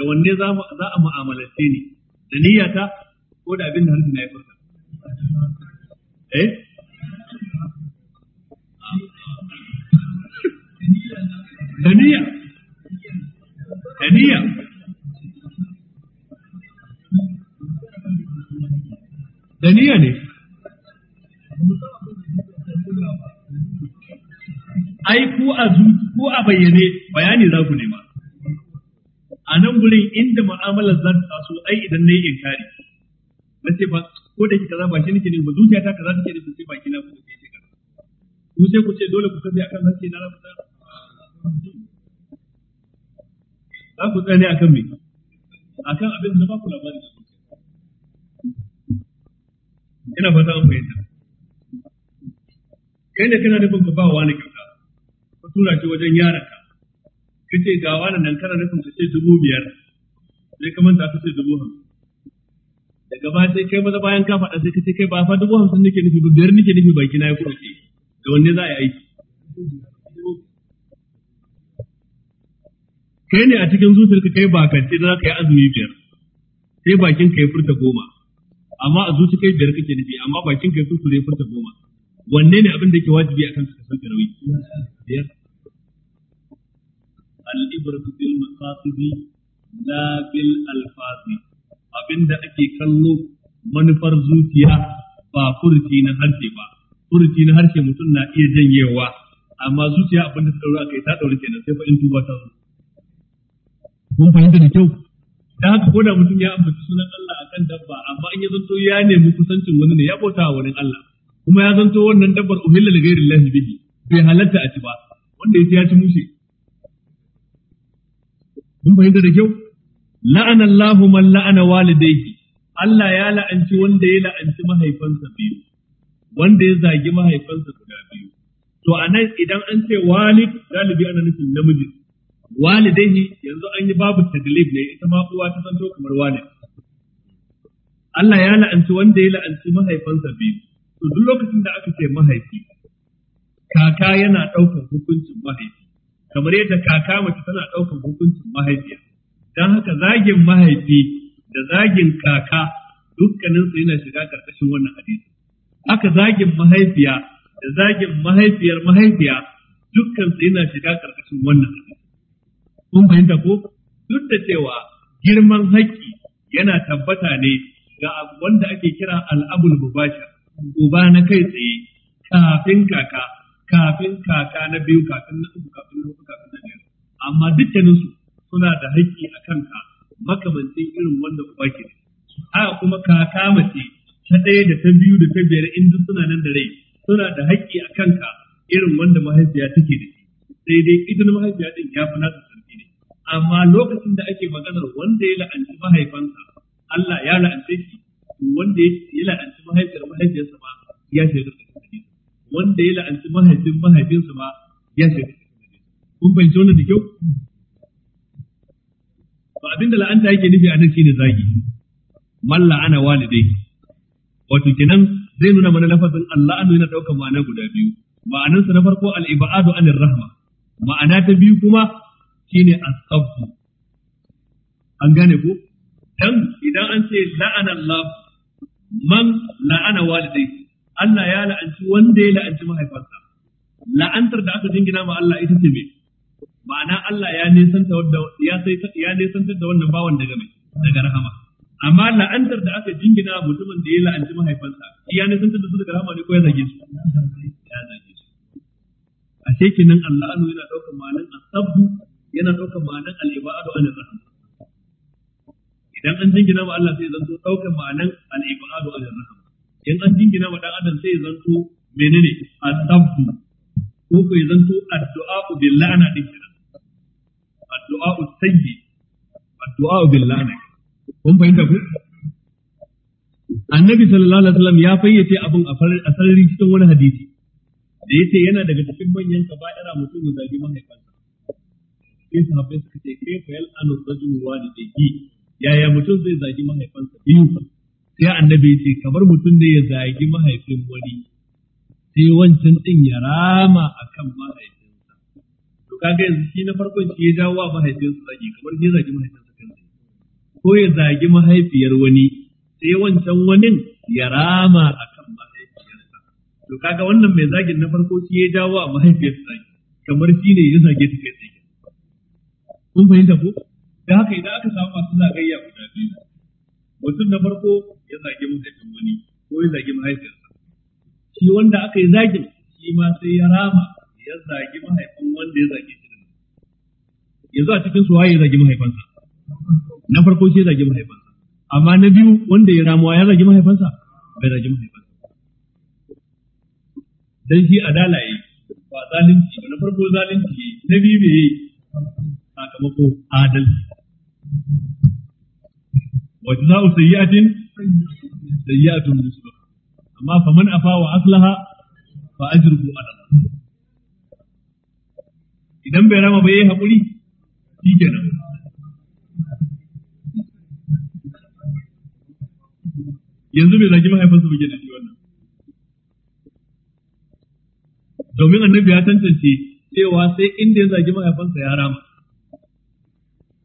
da wanne za a mu'amalace ni da niyyata ko da abin da harshe na ya furta eh da niyya da niyya da niyya ne ai ko a ko a bayyane bayani za ku nema a nan gurin inda mu'amalar za ta taso ai idan na yi inkari na ce ba ko da kaza ba shi nake ne ba zuciya ta kaza take ne sai baki na ko ce kaza ku sai ku ce dole ku kaza akan nan ce na rabu za ku tsaya akan me akan abin da ba ku labari ina fata an fahimta kai ne kana nufin ka ba wani kyauta ka tura shi wajen yaranka kace ga wani nan kana nufin ka ce dubu biyar sai ka manta ka ce dubu hamsin daga ba sai kai maza bayan ka faɗa sai ka ce kai ba fa dubu hamsin nake nufi ba biyar nake nufi baki na ya kurce da wanne za a yi aiki kai ne a cikin zuciyarka kai ba ka za ka yi azumi biyar sai bakin ka ya furta goma amma a zuci kai biyar kake nufi amma bakin ka ya furta goma wanne ne abin da ke wajibi akan ka kasance nauyi biyar Al'ibar bil maqasidi na bil alfasi abinda ake kallo manufar zuciya ba furci na harshe ba furci na harshe mutum na iya janyewa amma zuciya abin da tsaura kai ta daure kenan sai fa in tuba ta zo kun fahimta da kyau da haka ko da mutum ya ambaci sunan Allah akan dabba amma in ya zanto ya nemi kusancin wani ne ya bauta wa wurin Allah kuma ya zanto wannan dabbar uhilla li ghairi bihi bai halatta a ci ba wanda ya ci ya ci mushe kun fahimta da kyau la'ana Allahu man la'ana walidayhi Allah ya la'anci wanda ya la'anci mahaifansa biyu wanda ya zagi mahaifansa guda biyu to anan idan an ce walid galibi ana nufin namiji walidayhi yanzu an yi babu taglib ne ita ma uwa ta zanto kamar walid Allah ya la'anci wanda ya la'anci mahaifansa biyu to duk lokacin da aka ce mahaifi kaka yana ɗaukar hukuncin mahaifi kamar yadda kaka mace tana ɗaukar hukuncin mahaifiya don haka zagin mahaifi da zagin kaka dukkanin su yana shiga ƙarƙashin wannan hadisi haka zagin mahaifiya da zagin mahaifiyar mahaifiya dukkan su yana shiga ƙarƙashin wannan hadisi kun fahimta ko duk da cewa girman haƙƙi yana tabbata ne ga wanda ake kira al'abul mubashir uba na kai tsaye kafin kaka kafin kaka na biyu kafin na uku kafin na hudu kafin na biyar amma dukkaninsu suna da haƙƙi a kanka makamancin irin wanda uba ke a kuma kaka mace ta ɗaya da ta biyu da ta biyar in duk suna nan da rai suna da haƙƙi a kanka irin wanda mahaifiya take da shi sai dai idan mahaifiya din ya fi nasa sarki ne amma lokacin da ake maganar wanda ya la'anci mahaifansa Allah ya la'ance shi wanda ya la'anci mahaifiyar mahaifiyarsa ma ya shaidar da wanda ya la'anci mahaifin mahaifinsu ma ya shiga kun fahimci wannan da kyau to abinda la'anta yake nufi a nan shine zagi man la'ana walidai wato kenan zai nuna mana lafazin Allah annu yana daukar ma'ana guda biyu ma'anar sa na farko al-ibadu anir rahma ma'ana ta biyu kuma shine as-sabb an gane ko dan idan an ce la'ana Allah man la'ana walidai Allah ya la'anci wanda ya la'anci mahaifarsa. la'antar da aka jingina ma Allah ita ce me ma'ana Allah ya nesanta ya sai ya nesantar da wannan bawan daga mai daga rahama amma la'antar da aka jingina mutumin da ya la'anci mahaifarsa, ya nesantar da su daga rahama ne ko ya zage su ya zage su ashe nan Allah anu yana ɗaukar ma'anar asabbu yana ɗaukar ma'anar al-ibadu an rahama idan an jingina ma Allah sai zan so ɗaukar ma'anar al-ibadu an rahama in an jingina wa dan adam sai ya zanto menene asabbu ko ko ya zanto addu'a bil la'na din kenan addu'a sayyi addu'a bil la'na kun fahimta ku annabi sallallahu alaihi wasallam ya fayyace abin a sarari cikin wani hadisi da yace yana daga cikin manyan kaba'ira mutum ya zagi mahaifansa sai sahabbai suka ce kai fa yal'anu rajulu walidayhi yaya mutum zai zagi mahaifansa biyu sai annabi ce kamar mutum da ya zagi mahaifin wani sai wancan din ya rama kan mahaifinsa to kaga yanzu shi na farkon shi ya jawo wa mahaifinsa zagi kamar ya zagi mahaifinsa kansa ko ya zagi mahaifiyar wani sai wancan wanin ya rama kan mahaifiyarsa to kaga wannan mai zagin na farko shi ya jawo wa mahaifiyarsa zagi kamar shi ne ya zage ta kai zagi. kun fahimta ko da haka idan aka samu masu zagayya guda biyu mutum na farko ya zagi mahaifin wani ko ya zagi mahaifiyarsa shi wanda aka yi zagin shi ma sai ya rama ya zagi mahaifin wanda ya zagi shi yanzu a cikin su waye ya zagi mahaifansa na farko shi ya zagi mahaifansa amma na biyu wanda ya ramuwa ya zagi mahaifansa bai zagi mahaifansa dan shi adala yi ba zalunci ba na farko zalunci na biyu bai yi sakamako adalci wa jazaa'u sayyi'atin sayyi'atun misluha amma man afa wa aslaha fa ajruhu ala idan bai rama bai haƙuri shikenan yanzu bai zagi mahaifinsa bai da shi wannan domin annabi ya tantance cewa sai inda ya zagi mahaifinsa ya rama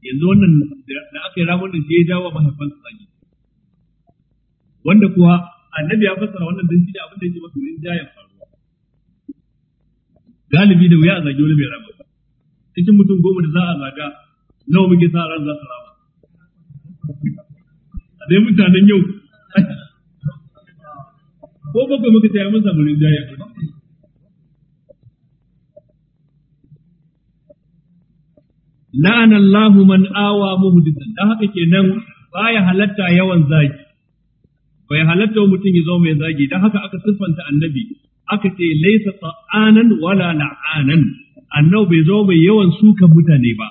yanzu wannan da aka yi ramar da ya jawo mahaifinsa zagi wanda kuwa annabi ya fassara wannan dan shine abin da yake mafi rinjayen faruwa galibi da wuya a zagi wani bai rama cikin mutum goma da za a zaga nawa muke sa ran za su rama a dai mutanen yau ko bakwai muka ta yi mun samu rinjayen faruwa. Allahu man awa muhdisan dan haka kenan baya halatta yawan zagi bai halatta wa mutum ya zama mai zagi dan haka aka siffanta annabi aka ce laisa ta'anan wala la'anan annabi bai zama mai yawan sukan mutane ba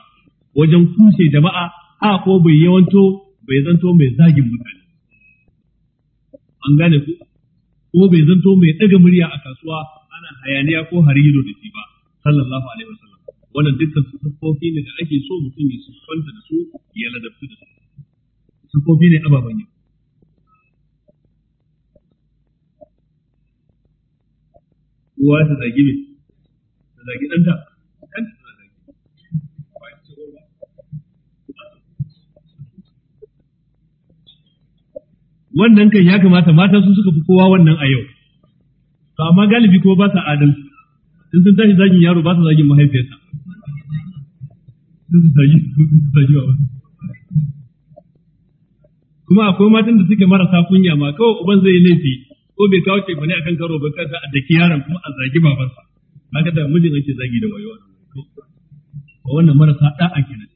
wajen kushe jama'a a ko bai yawanto bai zanto mai zagin mutane an gane ku kuma bai zanto mai daga murya a kasuwa ana hayaniya ko harido da shi ba sallallahu alaihi wasallam wannan dukkan siffofi ne da ake so mutum ya siffanta da su ya ladabtu da su siffofi ne ababen yau uwa ta zagi mai ta zagi ɗanta kanta ta zagi ba ce ba wannan kan ya kamata mata su suka fi kowa wannan a yau to amma galibi ko ba sa adalci in sun tashi zagin yaro ba sa zagin mahaifiyarsa sun su zagi sun su zagi kuma akwai matan da suke marasa kunya ma kawai uban zai laifi ko bai kawo ce bane akan karo ba kasa a daki yaron kuma a zagi babansa haka da mijin yake zagi da wayo wannan marasa da'a kenan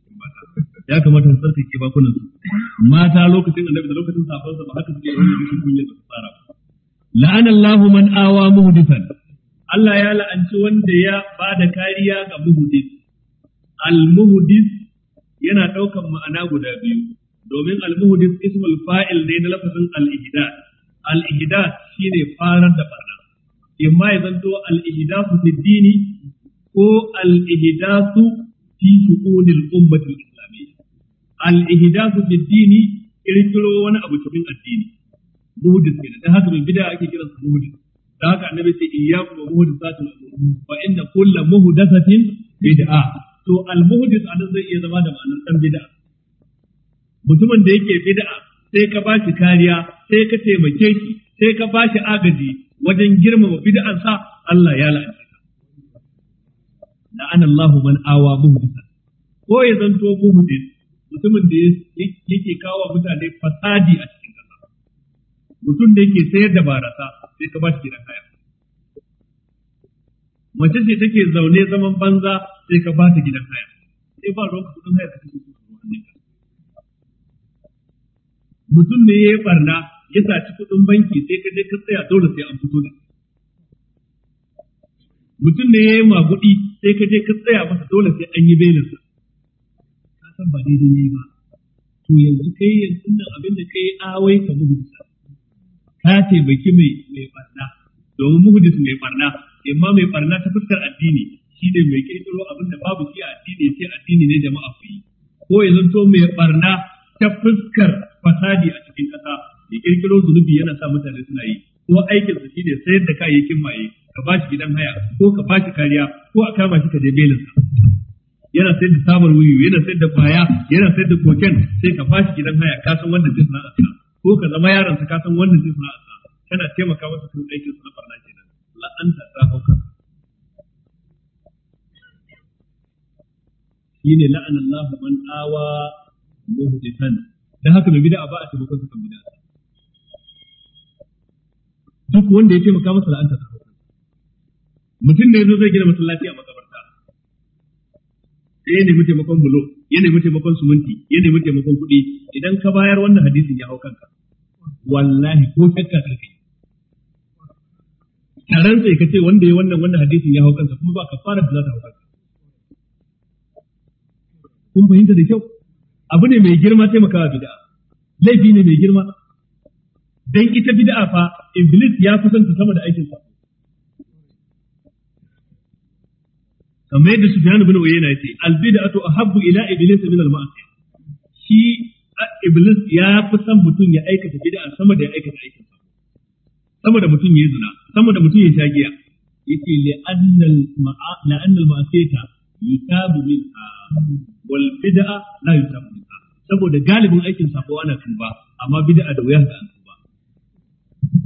ya kamata su tsarkake bakunan su mata lokacin annabi da lokacin safan sa ba haka suke wannan cikin kunya da tsara la'ana Allahu man awa muhdisan Allah ya la'anci wanda ya bada kariya ga muhdis al muhdis yana daukan ma'ana guda biyu domin al muhdis ismul fa'il dai na lafazin al ihdath al-ihdath shine farar da barna imma ya zanto al-ihdathu fi dini ko al-ihdathu fi shu'unil ummati islamiyya al-ihdathu fi dini kirkiro wani abu cikin addini muhdis ne dan haka mai bid'a ake kiransa muhdis da haka annabi ce iyyakum wa muhdisatil umur fa inna kullu muhdathatin bid'a to al-muhdis a nan zai iya zama da ma'anar dan bid'a mutumin da yake bid'a sai ka ba shi kariya sai ka taimake shi sai ka ba shi agaji wajen girmama bid'ansa Allah ya la'anta ka la'ana Allah man awa muhdisa ko ya zanto muhdis mutumin da yake kawo mutane fasadi a cikin kasa mutum da yake sayar da barasa sai ka ba shi gidan kaya. mace ce take zaune zaman banza sai ka ba ta gidan kaya. sai ba ruwan kudin haya da kake so mutum ne ya yi barna ya saci kuɗin banki sai ka je ka tsaya dole sai an fito da mutum ne ya yi magudi sai ka je ka tsaya masa dole sai an yi belinsa ka san ba daidai ne ba to yanzu kai yanzu nan abin da kai awai ka muhdisa ka taimaki mai mai barna domin muhdis mai barna amma mai barna ta fuskar addini shi ne mai kirkiro abin da babu shi a addini sai addini ne jama'a ku yi ko yanzu to mai barna ta fuskar fasadi a cikin ƙasa ya kirkiro zunubi yana sa mutane suna yi ko aikin sa shine sayar da kayayyakin maye ka bashi gidan haya ko ka bashi kariya ko a kama shi ka je belin sa yana sayar da samun wuyu yana sayar da baya yana sayar da koken sai ka bashi gidan haya ka san wannan zai sana'a ko ka zama yaron sa ka san wannan zai sana'a kana taimaka masa kan aikin sa na barna kenan la'anta ta hauka shine la'anallahu man awa muhdisan dan haka mai bid'a ba a taimakon su kan bid'a duk wanda ya taimaka masa la'anta ta hauka mutum ne yazo zai gina masallaci a makabarta sai ya nemi taimakon bulo ya nemi taimakon suminti ya nemi taimakon kuɗi idan ka bayar wannan hadisin ya hau kanka wallahi ko shakka karka yi taron sai ka ce wanda ya wannan wannan hadisin ya hau kanka, kuma ba ka fara da za ta hau kanka kun fahimta da kyau abu ne mai girma taimakawa bid'a laifi ne mai girma dan ita bid'a fa iblis ya kusanta sama da aikin sa kamar yadda Sufyan ibn Uyayna yace al bid'atu ahabbu ila iblis min al ma'siyah shi iblis ya kusan mutum ya aikata bid'a sama da ya aikata aikin sa sama da mutum ya zina sama da mutum ya shagiya yace li annal ma'a la annal ma'siyata yutabu a, wal bid'a la yutabu minha saboda galibin aikin sako ana tuba amma bid'a da wuya ga an ba.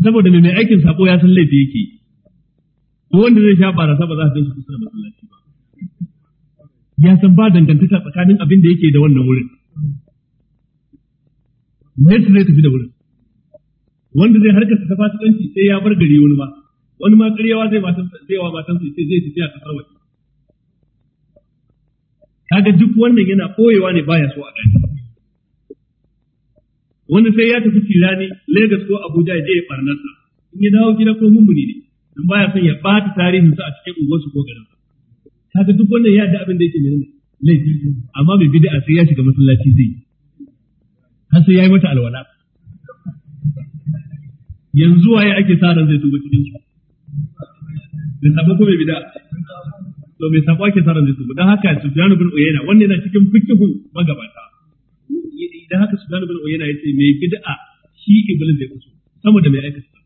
saboda me mai aikin sako ya san laifi yake wanda zai sha barasa ba za ka ganshi kusa da masallaci ba ya san ba dangantaka tsakanin abin da yake da wannan wurin ne su zai tafi da wurin wanda zai harkar ta fasikanci sai ya bar gari wani ma wani ma karyawa zai matan zai wa matan sai zai tafi a kasar wani. kaga duk wannan yana koyewa ne baya so a gani Wannan sai ya tafi tirani Lagos ko Abuja ya je ya barnarsa in ya dawo gida ko mummuni ne in baya son ya bata tarihin sa a cikin unguwarsu ko garin kaga duk wannan ya da abin da yake ne laifi amma mai bid'a sai ya shiga masallaci zai har sai yayi mata alwala yanzu waye ake sa ran zai tuba cikin shi da sabo ko mai bid'a to mai sabo ake saran zai tubu dan haka Sufyan bin Uyayna wannan yana cikin fikihu magabata idan haka Sufyan bin Uyayna yace mai bid'a shi iblis zai kusa, sama da mai aikata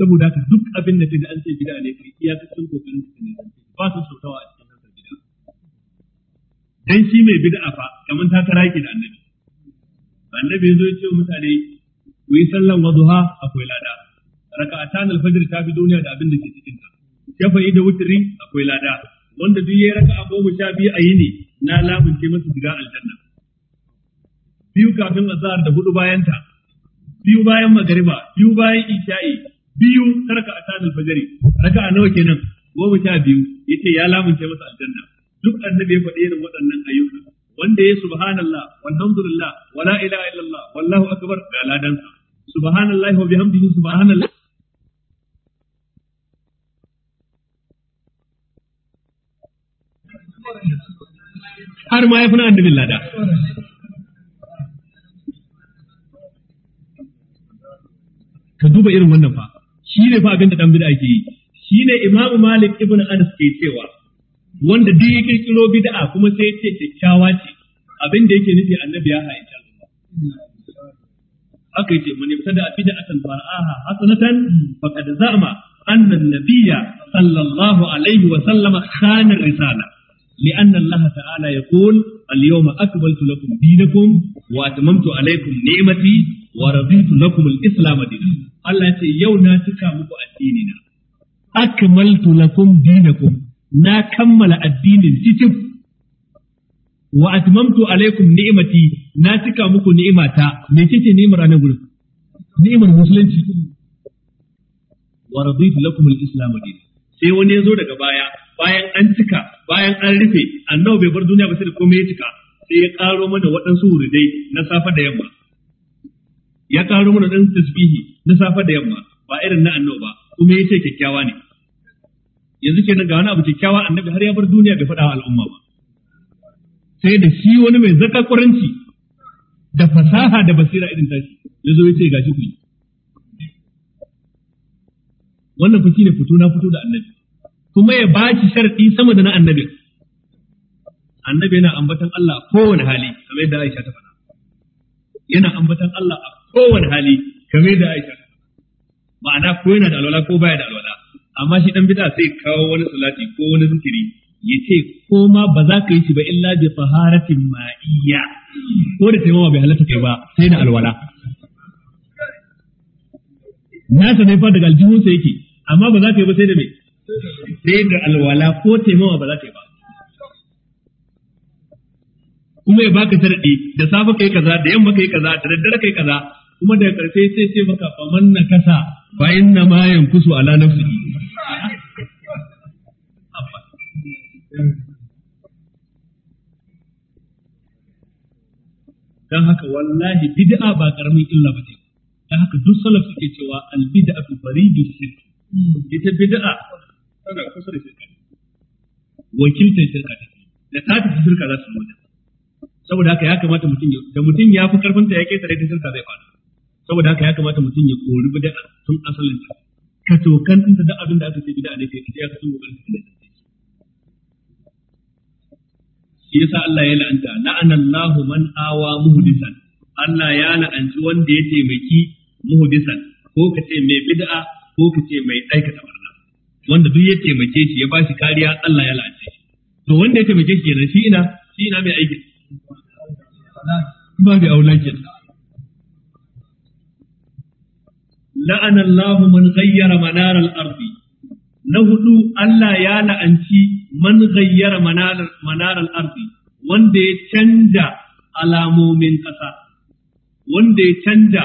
saboda haka duk abin da bid'a an ce bid'a ne kai ka cikin kokarin ka ne ba su sautawa a cikin harkar bid'a dan shi mai bid'a fa kaman ta tara ki da annabi annabi yazo ya ce mutane ku yi sallan wadduha akwai lada raka'atan alfajr ta bi duniya da abin da ke cikin ta shafa'i da wutri akwai lada wanda duk yayi raka'a goma sha biyu a yini na lamunce masa shiga aljanna biyu kafin azhar da hudu bayan ta biyu bayan magariba biyu bayan isha'i biyu tarka atanul fajri raka'a nawa kenan goma sha biyu yace ya lamunce masa aljanna duk annabi ya faɗi irin waɗannan ayyuka wanda ya subhanallah walhamdulillah wala ilaha illallah wallahu akbar ga ladansa subhanallahi wa bihamdihi subhanallah har ma ya fi na annabin lada ka duba irin wannan fa shi ne fa abin da dan bid'a ke yi shi ne imamu Malik ibn Anas ke cewa wanda duk ya kirkiro bid'a kuma sai ce kyakkyawa ce abin da yake nufi annabi ya haifi al'umma haka yace a ibtada bid'atan far'aha hasanatan faqad za'ama anna an Nabiya sallallahu alaihi wa sallama risala لأن الله تعالى يقول اليوم أكملت لكم دينكم وأتممت عليكم نعمتي ورضيت لكم الإسلام دينا الله يقول يونا تكامك الديننا أكملت لكم دينكم na kammala addinin cicif wa atmamtu alaikum ni'mati na cika muku ni'imata me kike ni'imar anan gurin ni'imar musulunci wa raditu lakum al sai wani daga baya bayan an cika bayan an rufe annabi bai bar duniya ba sai da komai ya cika sai ya karo mana waɗansu wurdai na safa da yamma ya karo mana dan tasbihi na safa da yamma ba irin na annabi ba kuma ya ce kyakkyawa ne yanzu kenan ga wani abu kyakkyawa annabi har ya bar duniya bai faɗa al'umma ba sai da shi wani mai zakakuranci da fasaha da basira irin tashi ya zo ya ce gashi ku yi wannan fa shine fito na fito da annabi kuma ya shi sharadi sama da na annabi annabi yana ambatan Allah a kowane hali kamar yadda Aisha ta faɗa yana ambatan Allah a kowane hali kamar yadda Aisha ta faɗa ma'ana ko yana da alwala ko baya da alwala amma shi dan bid'a sai kawo wani salati ko wani zikiri yace ko ma ba za ka yi shi ba illa bi taharatin ma'iyya ko da taimama bai halatta kai ba sai da alwala nasa ne fa daga aljihunsa yake amma ba za ka yi ba sai da mai sai da alwala ko taimawa ba za ta yi ba kuma ya baka sharadi da safe kai kaza da yamma kai kaza da daddare kai kaza kuma daga ƙarfe sai ce maka faman na kasa fa inna ma yankusu ala nafsihi dan haka wallahi bid'a ba karamin illa ba ce dan haka duk salaf suke cewa al da faridu shirk ita bid'a tana kusa da shirka wakiltar shirka take da ta tafi shirka za su wajen saboda haka ya kamata mutum ya da mutum ya fi karfin ta ya ketare ta shirka zai fara saboda haka ya kamata mutum ya kori bid'a tun asalin ta ka tokan ta da abin da aka ce bid'a ne kai ya ka tun gogarin ta shi yasa Allah ya la'anta la'anallahu man awa muhdisan Allah ya la'anci wanda ya taimaki muhdisan ko ka ce mai bid'a ko ka ce mai aikata wanda duk ya taimake shi ya bashi kariya Allah ya la'ance shi to wanda ya taimake shi kenan shi ina shi ina mai aiki ba da aula kenan la'ana Allah man ghayyara manar al-ard na hudu Allah ya la'anci man ghayyara manar manar al-ard wanda ya canja alamomin kasa wanda ya canja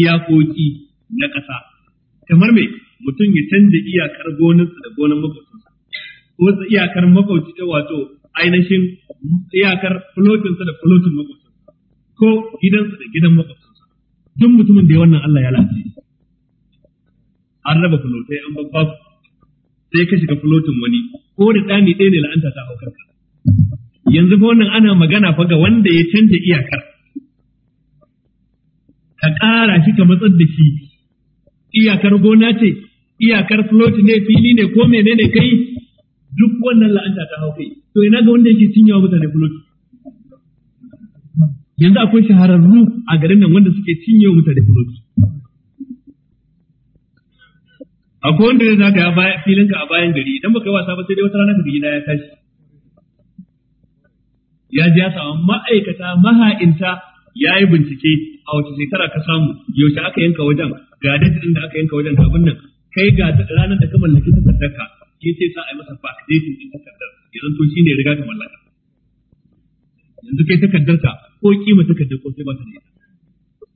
iyakoki na kasa kamar me mutum ya canza iyakar gonarsa da gonar makwabcinsa ko iyakar makwabci ta wato ainihin iyakar fulotinsa da fulotin makwabcinsa ko gidansa da gidan makwabcinsa duk mutumin da ya wannan Allah ya lafi an raba fulotai an babba sai ka shiga fulotin wani ko da ɗani ɗaya ne la'anta ta haukar ka yanzu fa wannan ana magana fa ga wanda ya canza iyakar ka ƙara shi ka matsar da shi iyakar gona ce iyakar floti ne fili ne ko menene kai duk wannan la'anta ta hau kai to ina ga wanda yake cinyewa mutane floti yanzu akwai shahararru a garin nan wanda suke cinyewa mutane floti akwai wanda zai zaka ya baya filinka a bayan gari idan baka yi wasa ba sai dai wata rana ka gina ya tashi ya ji ya samu ma'aikata maha'inta ya yi bincike a wace shekara ka samu yaushe aka yanka wajen ga dajin da aka yanka wajen abin nan kai ga ranar da ka mallaki takardarka ka shi sai za a yi masa backdating din takardar ya to shi ne riga ka mallaka yanzu kai takardarka, ka ko kima takardar ko sai ba ta da ita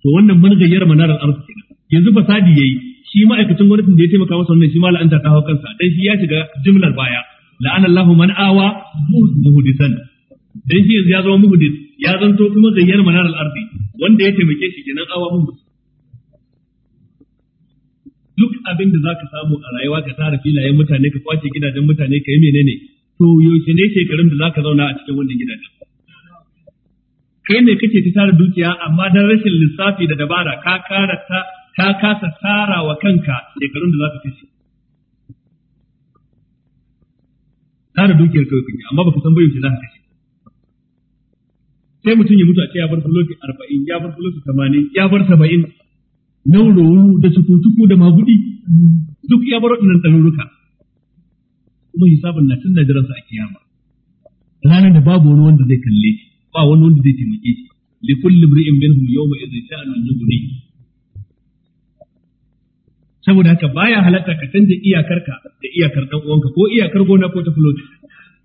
to wannan mun gayyar manarar arzu kenan yanzu fasadi yayi shi ma'aikacin gwamnatin da ya taimaka masa wannan shi ma la'anta ta hawo kansa dan shi ya shiga jimlar baya la'ana Allahu man awa muhdisan dan shi yanzu ya zama muhdis ya zanto kuma gayyar manarar arzi wanda ya taimake shi kenan awa muhdis duk abin da ka samu a rayuwa ka tara filayen mutane ka kwace gidajen mutane ka yi menene to yaushe ne shekarun da za ka zauna a cikin wannan gidajen kai ne kake ta tara dukiya amma dan rashin lissafi da dabara ka kara ta ka kasa tara wa kanka shekarun da za ka kashe tara dukiyar kai kake amma baka san bayyana zaka kashe sai mutum ya mutu a ce ya bar fulofi arba'in ya bar fulofi tamanin ya bar 70 naurawo da cuku da magudi duk ya bar waɗannan ɗaruruka kuma hisabin na tun da sa a kiyama ranar da babu wani wanda zai kalle shi ba wani wanda zai taimake shi li kulli bri'in minhum yawma idhin sha'anun yughni saboda haka baya halatta ka canza iyakarka da iyakar dan uwanka ko iyakar gona ko ta fuloti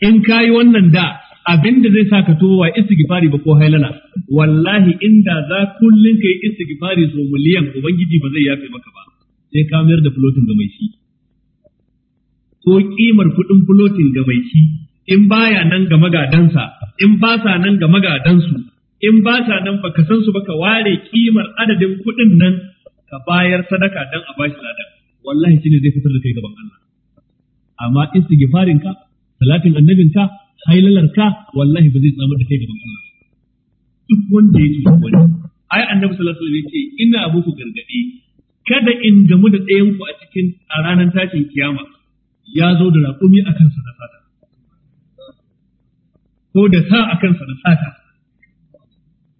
in kayi wannan da abinda zai sa ka towa istighfari ba ko hailala wallahi inda za kullun kai istighfari so miliyan ubangiji ba zai yafe maka ba sai ka mayar da floating ga mai shi ko kimar kudin floating ga mai shi in baya nan ga magadansa in ba sa nan ga magadansu in ba sa nan baka san su baka ware kimar adadin kuɗin nan ka bayar sadaka dan a bashi ladan wallahi shine zai fitar da kai gaban Allah amma istighfarin ka salatin annabin ka lalarka, wallahi ba zai samar da kai gaban Allah duk wanda yake wani ai annabi sallallahu alaihi wasallam yace ina muku gargadi kada in gamu da tsayen ku a cikin a ranar tashin kiyama ya zo da raƙumi a kansa na sata ko da sa a kansa na sata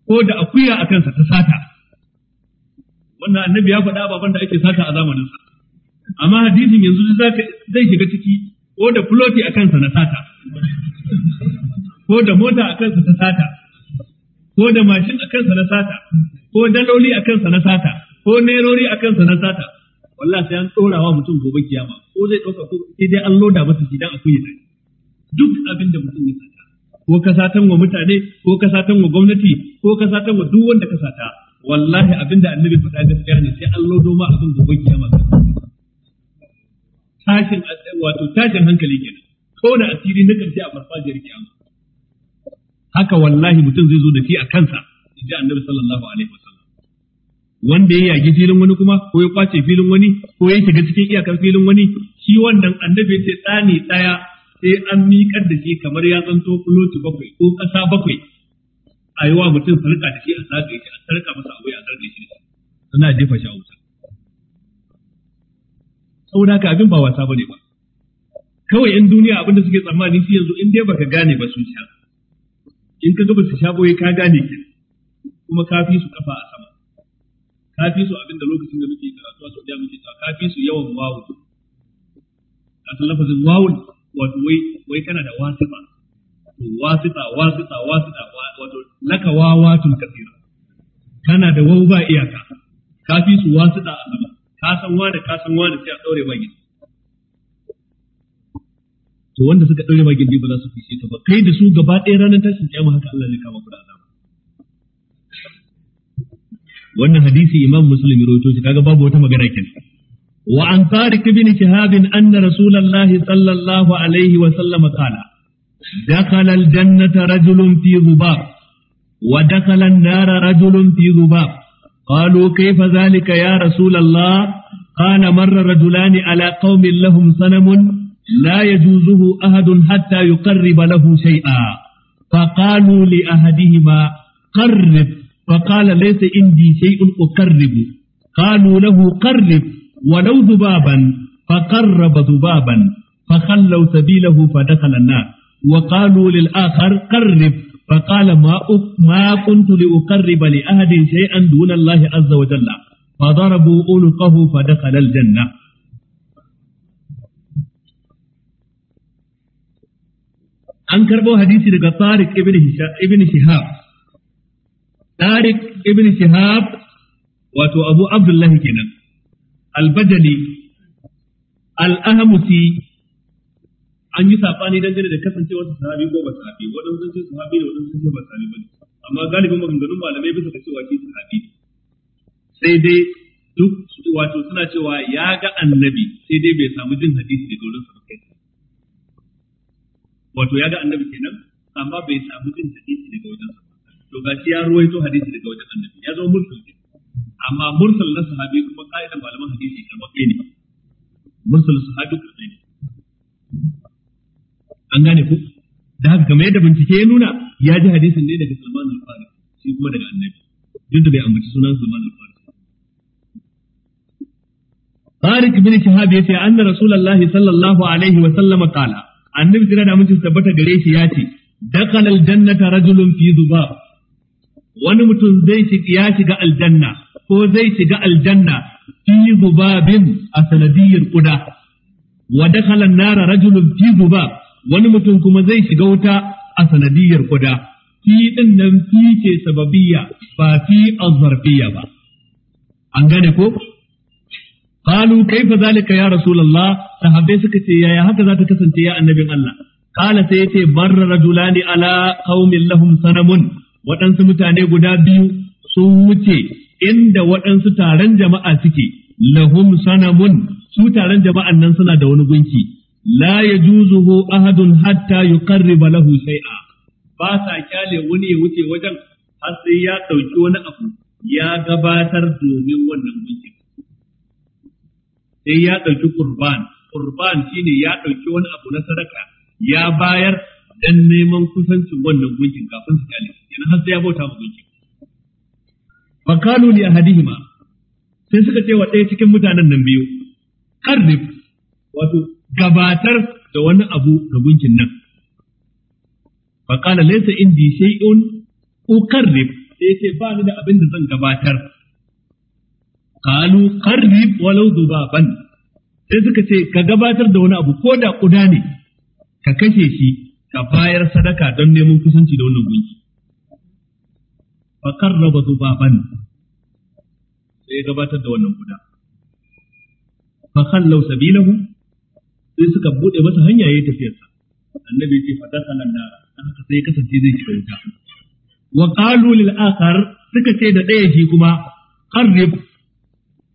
ko da akuya a kansa ta sata wannan annabi ya faɗa baban da ake sata a zamanin sa. amma hadisin yanzu zai shiga ciki ko da fuloti a kansa na sata ko da mota a kansa ta sata ko da mashin a kansa na sata ko daloli a kansa na sata ko nerori a kansa na sata wallahi sai an tsora wa mutum gobe kiyama ko zai ɗauka ko sai dai an loda masa gidan a ne duk abin da mutum ya sata ko ka satan wa mutane ko ka satan wa gwamnati ko ka satan wa duk wanda ka sata wallahi abin da annabi faɗa gaskiya ne sai an lodo ma abin gobe kiyama tashin wato tashin hankali kenan tona asiri na karshe a farfajiyar kiyama haka wallahi mutum zai zo da shi a kansa inji annabi sallallahu alaihi wasallam wanda ya yagi filin wani kuma ko ya kwace filin wani ko ya shiga cikin iyakar filin wani shi wannan annabi ce tsani daya sai an miƙar da shi kamar ya zanto kuloti bakwai ko ƙasa bakwai a yi wa mutum sarƙa da shi a sarƙa shi a sarƙa masa abu a sarƙa shi suna jefa shi a wuta saboda haka abin ba wasa bane ba kawai yan duniya abinda suke tsammani shi yanzu in dai baka gane ba su sha in ka ga su sha boye ka gane ki kuma ka fi su kafa a sama ka fi su abinda lokacin da muke karatu a Saudiya muke cewa ka fi su yawan wawu ka san lafazin wawun wato wai wai kana da wasifa to wasita wasita wasita wato laka wawatun kafira kana da wau ba iyaka ka fi su wasita a sama ka san wani ka san wani sai a daure ba gida. to wanda suka ɗaure ma gindi ba za su fice ka ba kai da su gaba ɗaya ranar tashin kiyama haka Allah ne kama ku da azaba wannan hadisi imam muslim ya rawaito shi kaga babu wata magana kin wa an tariq ibn shihab anna rasulullah sallallahu alaihi wa sallam qala dakhala al-jannata rajulun fi dhubab wa dakhala an-nara rajulun fi dhubab قالوا كيف ذلك يا رسول الله قال مر رجلان على قوم لهم صنم لا يجوزه أحد حتى يقرب له شيئا فقالوا لأحدهما قرب فقال ليس عندي شيء أقرب قالوا له قرب ولو ذبابا فقرب ذبابا فخلوا سبيله فدخل النار وقالوا للآخر قرب فقال ما ما كنت لأقرب لأحد شيئا دون الله عز وجل فضربوا عنقه فدخل الجنة an karbo hadisi daga Tariq ibn Hishab ibn Shihab Tariq ibn Shihab wato Abu Abdullah kenan al-Bajali al-Ahmusi an yi sabani dangane da kasancewar sahabi ko ba sahabi wadan sun ce sahabi da wadan sun ce ba sahabi ba amma galibin maganganun malamai bisa ga cewa shi sahabi sai dai duk wato suna cewa ya ga annabi sai dai bai samu jin hadisi daga wurin sa kai wato ya ga annabi kenan amma bai samu jin hadisi daga wajen sa to shi ya ruwaito hadisi daga wajen annabi ya zama mursal ne amma mursal na sahabi kuma kaidan malaman hadisi kamar kai ne mursal sahabi kuma ne an gane ku da haka kamar yadda bincike ya nuna ya ji hadisin ne daga Salman al-Farisi shi kuma daga annabi duk da bai ambaci sunan Salman al-Farisi Tariq bin Shihab yace anna Rasulallah sallallahu alaihi wa sallama qala annabi sira da amincin tabbata gare shi ya ce dakal aljannata rajulun fi zubab wani mutum zai ya shiga aljanna ko zai shiga aljanna fi zubabin a sanadiyyar kuda wa dakal annara rajulun fi zubab wani mutum kuma zai shiga wuta a sanadiyyar kuda fi din nan fi ce sababiyya ba fi azzarfiyya ba an gane ko qalu kaifa zalika ya rasulullah sahabbai suka ce yaya haka za ta kasance ya annabin Allah Kale sai yace barra rajulani ala qaumin lahum sanamun waɗansu mutane guda biyu sun wuce inda waɗansu taron jama'a suke lahum sanamun su taron jama'an nan suna da wani gunki la yajuzuhu ahadun hatta yuqarriba lahu shay'a ba sa kyale wani ya wuce wajen har sai ya dauki wani abu ya gabatar domin wannan gunkin sai ya ɗauki kurban kurban shine ya ɗauki wani abu na sadaka ya bayar dan neman kusancin wannan gunkin kafin su kyale yana har sai ya bauta ma gunkin fakalu li ahadihima sai suka ce wa ɗaya cikin mutanen nan biyu qarnif wato gabatar da wani abu ga gunkin nan fakala laysa indi shay'un uqarrib sai ce ba ni da abin da zan gabatar qalu qarrib walau dubaban sai suka ce ka gabatar da wani abu ko da kuda ne ka kashe shi ka bayar sadaka don neman kusanci da wannan gunki fa qarraba dubaban sai gabatar da wannan kuda fa khallu sabilahu sai suka buɗe masa hanya yayin tafiyarsa annabi ce fa dakhala an haka sai kasance zai shiga wuta wa qalu lil akhar suka ce da ɗaya shi kuma qarrib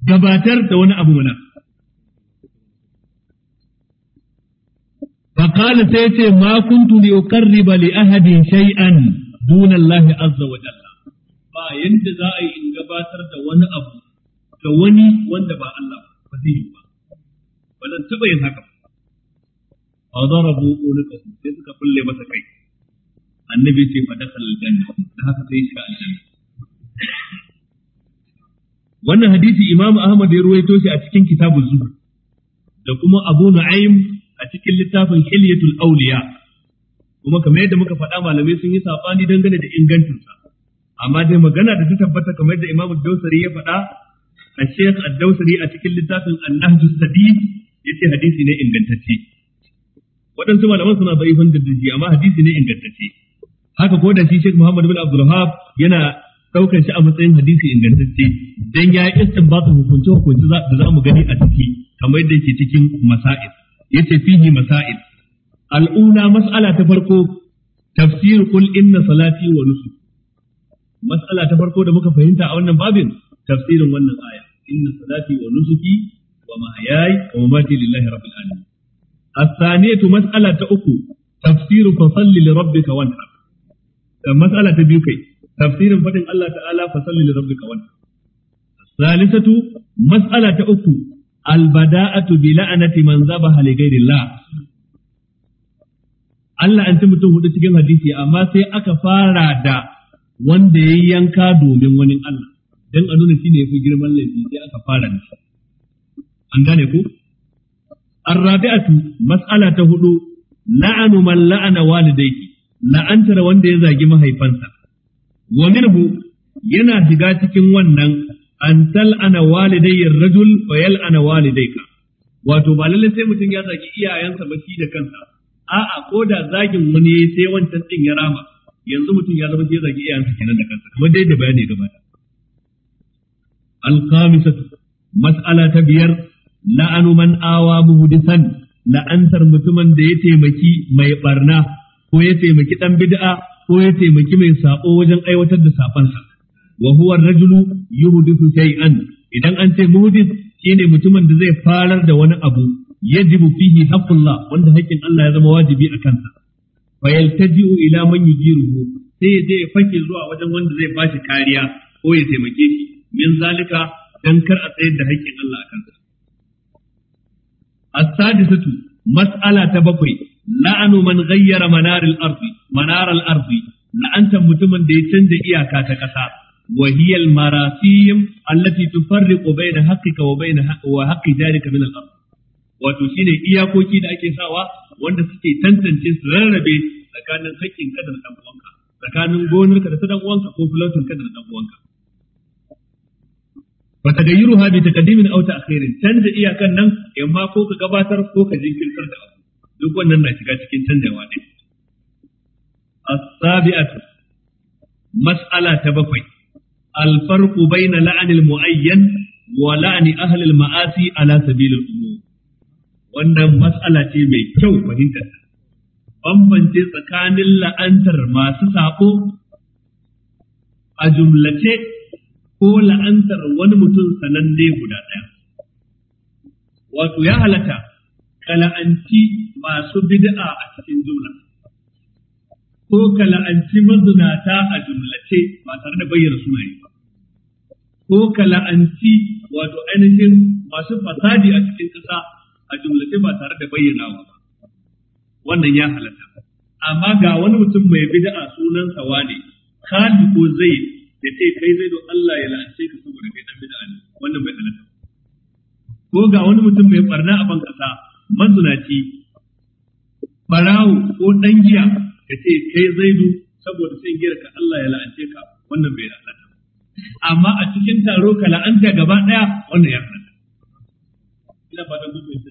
gabatar da wani abu mana فقال سيتي ما كنت لأقرب لأحد شيئا دون الله wa Jalla. Ba يند za a yi in gabatar da wani abu ga wani wanda ba Allah ba zai yi ba ba zan taɓa yin haka ba a zarabu unuka sai suka kulle masa kai annabi ce fa dakal janna da haka sai shiga aljanna wannan hadisi Imam Ahmad ya ruwaito shi a cikin kitabun Zuhur da kuma Abu Nu'aym a cikin littafin Hilyatul auliya kuma kamar yadda muka faɗa malamai sun yi sabani dangane da ingancinsa amma dai magana da ta tabbata kamar yadda Imam Dausari ya faɗa a Sheikh Addausari a cikin littafin An-Nahj ya ce hadisi ne ingantacce waɗansu malaman suna da ifan da amma hadisi ne ingantacce haka ko da shi Sheikh Muhammad bin Abdul yana daukan shi a matsayin hadisi ingantacce dan ya yi istinbatin hukunce hukunce da za mu gani a ciki kamar yadda yake cikin masail yace fihi masail Al'una mas'ala ta farko tafsir qul inna salati wa nusuki mas'ala ta farko da muka fahimta a wannan babin tafsirin wannan aya inna salati wa nusuki wa mahyaya wa mamati lillahi rabbil alamin الثانية مسألة أخو تفسير فصل لربك وانحر biyu kai. tafsirin faɗin Allah ta'ala fa salli li rabbika wan salisatu mas'ala ta uku albada'atu bi la'anati man zabaha li ghairillah Allah an ci mutum hudu cikin hadisi amma sai aka fara da wanda ya yanka domin wani Allah dan a nuna shine yafi girman laifi sai aka fara da shi an gane ku arrabi'atu mas'ala ta hudu la'anu man la'ana walidayki la'antar wanda ya zagi mahaifansa wa minhu yana shiga cikin wannan an tal'ana walidayyar rajul ana yal'ana walidayka wato ba lalle sai mutum ya zagi iyayensa ba shi da kansa a'a ko da zagin wani sai wancan din ya rama yanzu mutum ya zama sai zagi iyayensa kenan da kansa kamar dai da bayani gabata al-khamisatu mas'ala ta biyar la'anu man awa muhdisan la'antar mutumin da ya taimaki mai barna ko ya taimaki dan bid'a ko ya taimaki mai sabo wajen aiwatar da safansa wa huwa rajulu yuhdithu shay'an idan an ce muhdith shine mutumin da zai farar da wani abu yajibu fihi haqqullah wanda haƙƙin Allah ya zama wajibi a kansa fa yaltaji'u ila man yujiruhu sai ya je ya fake zuwa wajen wanda zai bashi kariya ko ya taimake shi min zalika dan kar a tsayar da haƙƙin Allah a kansa as-sadisatu mas'ala ta bakwai la'anu man ghayyara manar al manaral ardi la'antar mutumin da ya canza iyaka ta ƙasa wa hiya al marasiyim allati tufarriqu bayna haqqika wa bayna wa haqqi min al ard wato shine iyakoki da ake sawa wanda suke tantance su rarrabe tsakanin haƙƙin ka da dan uwanka tsakanin gonarka da ta dan uwanka ko filotin ka da dan uwanka fa tagayyuruha bi taqdimin aw ta'khirin canza iyakan nan imma ko ka gabatar ko ka jinkirtar da duk wannan na shiga cikin canjawa ne A sabiatu mas'ala ta bakwai al-farqu bayna la'anil mu'ayyan wa la'ani ahli maasi ala sabil al wannan mas'ala ce mai kyau fahimtar bambance tsakanin la'antar masu sako a jumlace ko la'antar wani mutum sananne guda ɗaya wato ya halata la'anci masu bid'a a cikin jumla ko ka la'anci mazunata a jumlace ba tare da bayyana sunaye ba ko ka la'anci wato ainihin masu fasadi a cikin ƙasa a jumlace ba tare da bayyana ba wannan ya halatta amma ga wani mutum mai bid'a sawa ne, Khalid ko Zaid da ce kai don Allah ya la'ance ka saboda kai dan bid'a ne wannan bai halatta ko ga wani mutum mai barna a ban kasa mazunaci barawo ko dangiya giya ka ce kai zaidu saboda sai gira ka Allah ya la'ance ka wannan bai la'anta amma a cikin taro ka la'anta gaba daya wannan ya la'anta ina ba da gudu da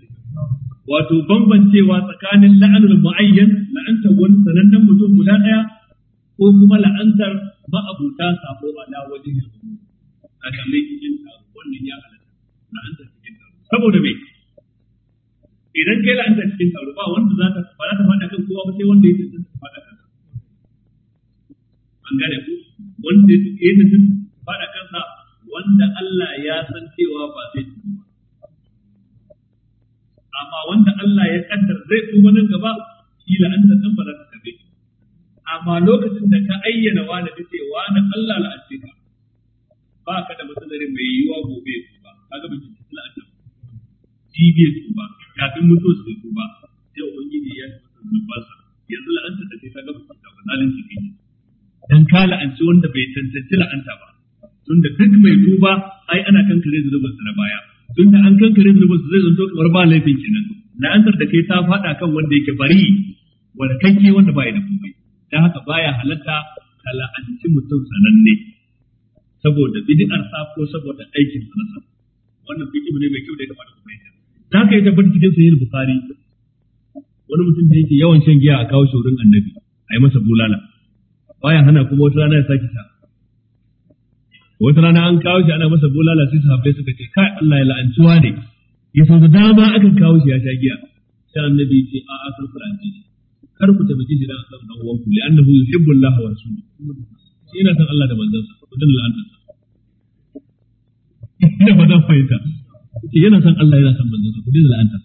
wato bambancewa tsakanin la'anul mu'ayyan la'antar wani sanannen mutum guda daya ko kuma la'antar ma'abuta sabo ala wajen a kamar cikin taro wannan ya halatta la'antar cikin taro saboda me idan kai la'anta cikin tsaro ba wanda za ta ba za ta fada kan kowa ba sai wanda ya tantance ta fada kansa an gane ku wanda ya tantance ta fada kansa wanda Allah ya san cewa ba zai tuba ba amma wanda Allah ya kaddar zai tuba nan gaba shi la'anta nan ba za ta tabe amma lokacin da ka ayyana wani da ce wani Allah la'anta ka ba ka da matsalar mai yiwuwa gobe ya ka ga bincin la'anta jibe ba. kafin mutuwa su ba sai ubangiji ya tafi da zunubansa yanzu la'anta da kai kaga da ta zalunci ne dan ka la'anci wanda bai tantance la'anta ba tunda duk mai duba ai ana kankare zunubinsa na baya tunda an kankare zunubinsa zai zanto kamar ba laifin kenan la'antar da kai ta faɗa kan wanda yake bari wanda kanki wanda baya da komai dan haka baya halatta ka la'anci mutum sananne saboda bid'ar sa ko saboda aikin sa wannan bid'u ne mai kyau da ya kamata ku fahimta ta kai tabbata cikin sahih bukhari wani mutum da yake yawan shan giya a kawo shi wurin annabi a yi masa bulala bayan hana kuma wata rana ya sake sha wata rana an kawo shi ana masa bulala sai sahabbai suka ce kai Allah ya la'antuwa ne ya sau dama akan kawo shi ya sha giya sai annabi ya ce a a kar ku la'anci shi kar ku tabbaci shi dan asar dan uwanku li annahu yuhibbu Allah wa rasuluhu shi yana san Allah da manzon sa ku dan la'anta sa ina ba zan fahimta yana san Allah yana san manzon sa ku la'anta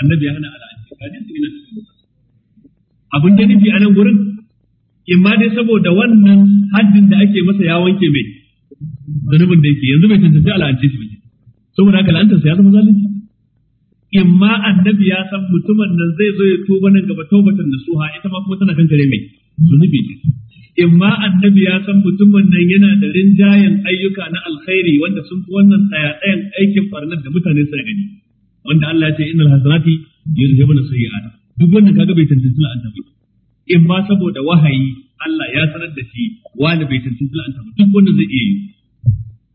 annabi ya hana al'anci kadin su ina cikin abin da nufi a nan gurin in ma dai saboda wannan haddin da ake masa ya wanke mai zanubin da yake yanzu bai cancanci al'anci shi bai saboda haka la'antarsa ya zama zalunci in ma annabi ya san mutumin nan zai zo ya tuba nan gaba taubatan nasuha ita ma kuma tana kankare mai zanubi ne in ma annabi ya san mutumin nan yana da rinjayen ayyuka na alkhairi wanda sun fi wannan tsayatsayan aikin farnar da mutane su gani wanda Allah ya ce innal hasanati yuzhibuna sayi'at duk wannan kaga bai tantance la'anta ba in ma saboda wahayi Allah ya sanar da shi wani bai tantance la'anta ba duk wannan zai iya yi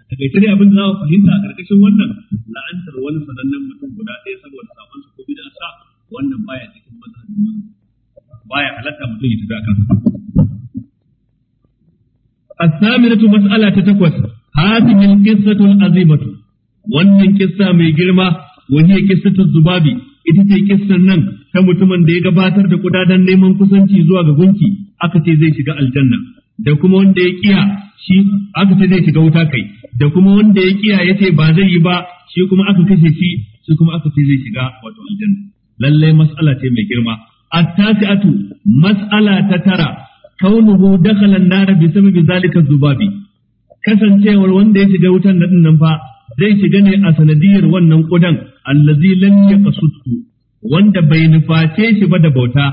takaice tare abin da za mu fahimta a karkashin wannan la'antar wani sanannen mutum guda ɗaya saboda sabon sa ko bid'a sa wannan baya cikin mazhabin mu baya halatta mutum ya tafi akan الثامنة مسألة تتكوس هذه القصة العظيمة wannan kissa mai girma wani kissa zubabi ita ce kissar nan ta mutumin da ya gabatar da kudaden neman kusanci zuwa ga gunki aka ce zai shiga aljanna da kuma wanda ya kiya shi aka ce zai shiga wuta kai da kuma wanda ya kiya ya ce ba zai yi ba shi kuma aka kashe shi shi kuma aka ce zai shiga wato aljanna lallai mas'ala ce mai girma at-tasi'atu mas'ala ta tara kaunuhu dakhala an-nar bi sababi zalika zubabi kasancewar wanda ya shiga wutan nan nan fa zai shiga ne a sanadiyar wannan kudan allazi lam yaqsudu wanda bai nuface shi ba da bauta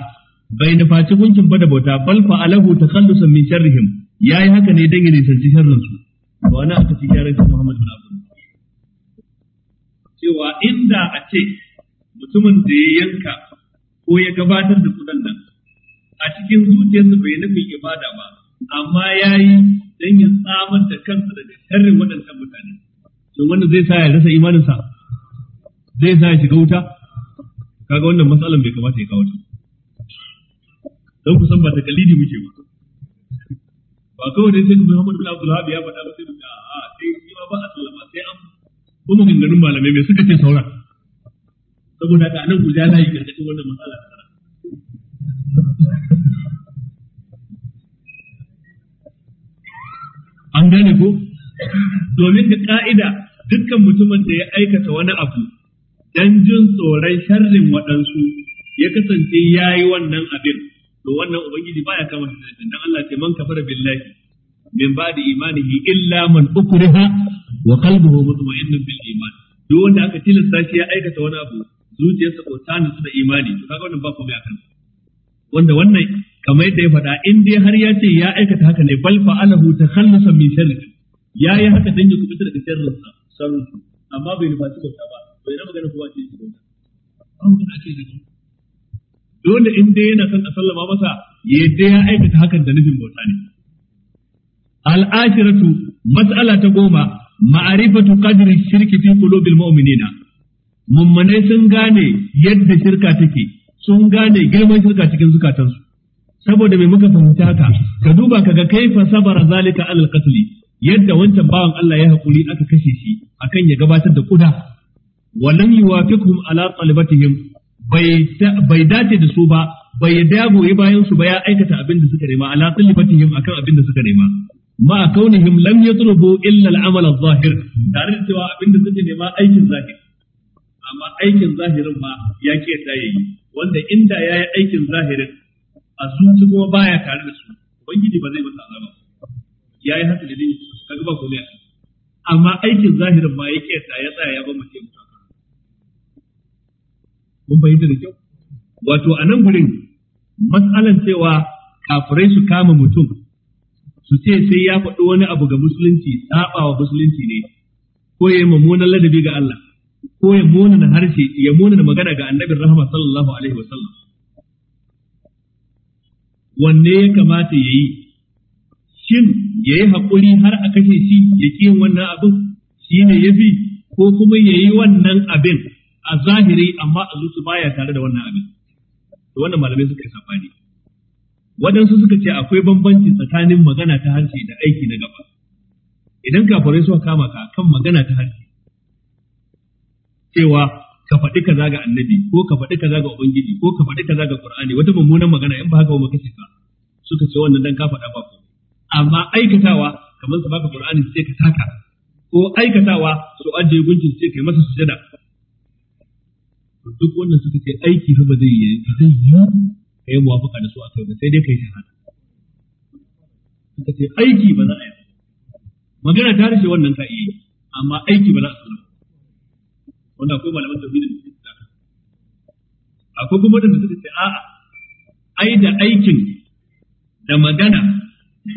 bai nufaci gunkin ba da bauta bal fa alahu takhallusan min sharrihim yayi haka ne dan ya nisanci sharrin su to ana aka ci yaran shi Muhammad bin Abdul cewa inda a ce mutumin da ya yanka ko ya gabatar da kudan nan a cikin zuciyarsa bai nufin ibada ba amma ya yi don ya tsamar da kansa daga sharrin waɗancan mutane to wannan zai sa ya rasa imaninsa zai sa ya shiga wuta kaga wannan matsalan bai kamata ya kawo ta don ku san ba ta kalidi muke ba ba kawai dai sai ku muhammadu bin Abdul Wahab ya faɗa ba sai da a sai shi ba a sallama sai an kuma gangarin malamai mai suka ce sauran saboda ka nan ku ja layi gargadin wannan matsala an gane ko domin ka ka'ida dukkan mutumin da ya aikata wani abu don jin tsoron sharrin waɗansu ya kasance ya yi wannan abin to wannan ubangiji baya kama shi da dan Allah ce man kafara billahi min imani imanihi illa man ukriha wa qalbuhu mutma'innun bil iman duk wanda aka tilasta shi ya aikata wani abu zuciyarsa ko ta nutsu da imani to kaga wannan ba komai akan wanda wannan kamar yadda ya faɗa in dai har ya ce ya aikata haka ne bal ta takhallusan min sharri ya yi haka dan ya kubuta daga sharrin sa sharri amma bai nufa ta ba bai na magana kuma ce ba an magana ce daga dole in dai yana son a sallama masa yadda ya aikata hakan da nufin bauta ne al'ashiratu mas'ala ta goma ma'arifatu qadri shirki fi qulubil mu'minina mummunai sun gane yadda shirka take sun gane girman shirka cikin zukatansu saboda mai muka fahimci haka ka duba kaga kaifa sabara zalika alal qatl yadda wancan bawan Allah ya hakuri aka kashe shi akan ya gabatar da kuda walam yuwafiqhum ala talabatihim bai bai dace da su ba bai dagoye bayan su ba ya aikata abin da suka nema ala talabatihim akan abin da suka nema ma kaunihim lam yatlubu illa al-amal adh-dhahir tare da cewa abin da suka nema aikin zahiri amma aikin zahirin ma ya ki yadda yayi wanda inda ya yi aikin zahirin a ci kuma baya tare da su ubangiji ba zai masa azaba ya yi haka da ka kaga ba komai amma aikin zahirin ma ya ta ya tsaya ya bambace mutum mun fahimta da kyau wato a nan gurin matsalan cewa kafirai su kama mutum su ce sai ya faɗi wani abu ga musulunci saba musulunci ne ko ya yi mummunan ladabi ga Allah ko ya da harshe ya da magana ga annabin rahama sallallahu alaihi wa sallam wanne ya kamata ya yi shin ya yi haƙuri har a kashe shi ya ƙi wannan abin shi ne ya fi ko kuma ya yi wannan abin a zahiri amma a zuci baya tare da wannan abin to wannan malamai suka yi safari. waɗansu suka ce akwai bambanci tsakanin magana ta harshe da aiki na gaba idan kafirai suka kama ka kan magana ta harshe cewa ka faɗi kaza ga annabi ko ka faɗi kaza ga ubangiji ko ka faɗi kaza ga qur'ani wata mummunan magana in ba haka ba kace ka suka ce wannan dan ka faɗa ba ko amma aikatawa kamar su baka qur'ani sai ka taka ko aikatawa su aje gunjin sai kai masa sujada duk wannan suka ce aiki fa ba zai yi ba zai yi kai muwafaka da su kai ba sai dai kai shahada suka ce aiki ba za a yi magana ta rishe wannan ka iya amma aiki ba za a sanar wanda akwai malaman tauhidin da suke da akwai kuma da suke ce a'a ai da aikin da magana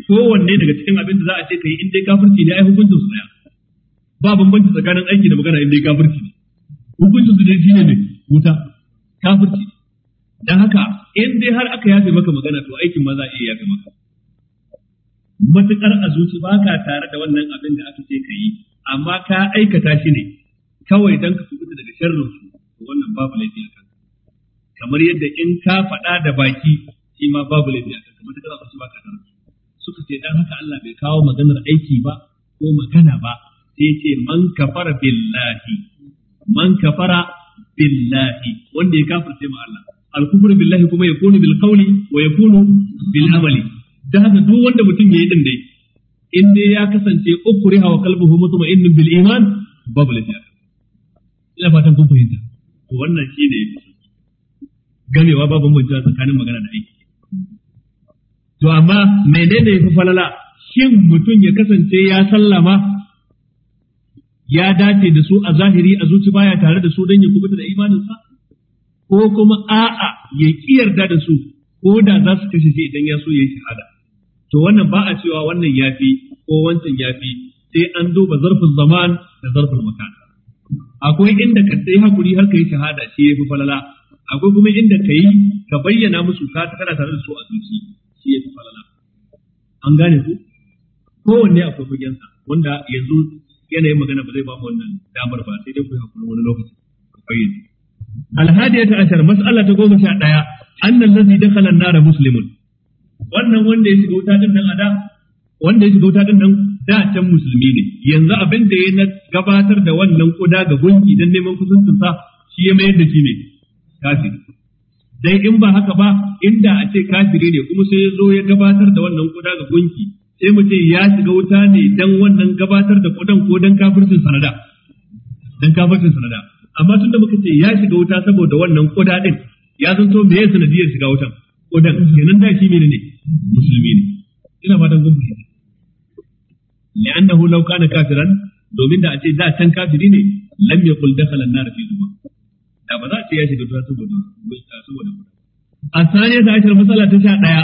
kowanne daga cikin abin da za a ce kai in dai kafirci ne ai hukuncin su daya ba bambanci tsakanin aiki da magana in dai kafirci ne hukuncin su dai shine ne wuta kafirci dan haka in dai har aka yafe maka magana to aikin ma za a iya yafe maka matukar a zuci ba ka tare da wannan abin da aka ce ka yi amma ka aikata shi ne kawai dan ka kubuta daga sharrin su wannan babu laifi a kanka kamar yadda in ka faɗa da baki shi ma babu laifi a kanka mata kana su baka sharri suka ce dan haka Allah bai kawo maganar aiki ba ko magana ba sai ce man kafara billahi man kafara billahi wanda ya kafirce ma Allah al-kufr billahi kuma yakunu bil qawli wa yakunu bil amali dan duk wanda mutum ya yi dai in dai ya kasance ukriha wa qalbuhu mutma'innun bil iman babu ina fatan kun fahimta to wannan shine gamewa babu mutunta tsakanin magana da aiki to amma menene fi falala shin mutum ya kasance ya sallama ya dace da su a zahiri a zuci baya tare da su don ya kubuta da imaninsa ko kuma a'a ya yarda da su ko da za su kashe shi idan ya so ya yi shahada to wannan ba a cewa wannan yafi ko wancan yafi sai an duba zarfin zaman da zarfin makana akwai inda ka sai hakuri har kai shahada shi yafi falala akwai kuma inda ka yi ka bayyana musu ka kana tare da su a zuci shi yafi falala an gane ku kowanne akwai fagensa wanda yanzu yanayin magana ba zai ba mu wannan damar ba sai dai ku hakuri wani lokaci ka bayyana ta goma sha daya annal ladhi dakhala an النار muslimun wannan wanda ya shiga wuta din nan ada wanda ya shiga wuta din nan da can musulmi ne yanzu abin da ya na gabatar da wannan kuda ga gunki don neman kusuncin sa shi ya mayar da shi ne kafiri dai in ba haka ba inda a ce kafiri ne kuma sai ya zo ya gabatar da wannan kuda ga gunki sai mu ce ya shiga wuta ne dan wannan gabatar da kudan ko dan kafircin sanada dan kafircin sanada amma tunda muka ce ya shiga wuta saboda wannan kuda din ya zanto me ya sanadiyar shiga wutan kudan kenan da shi ne musulmi ne ina ba dan fahimta li'annahu law kana kafiran domin da a ce da can kafiri ne lam yaqul dakhala an-nar fi zuba da ba za a ce ya shiga ta saboda saboda asaniya ta ashir masala ta sha daya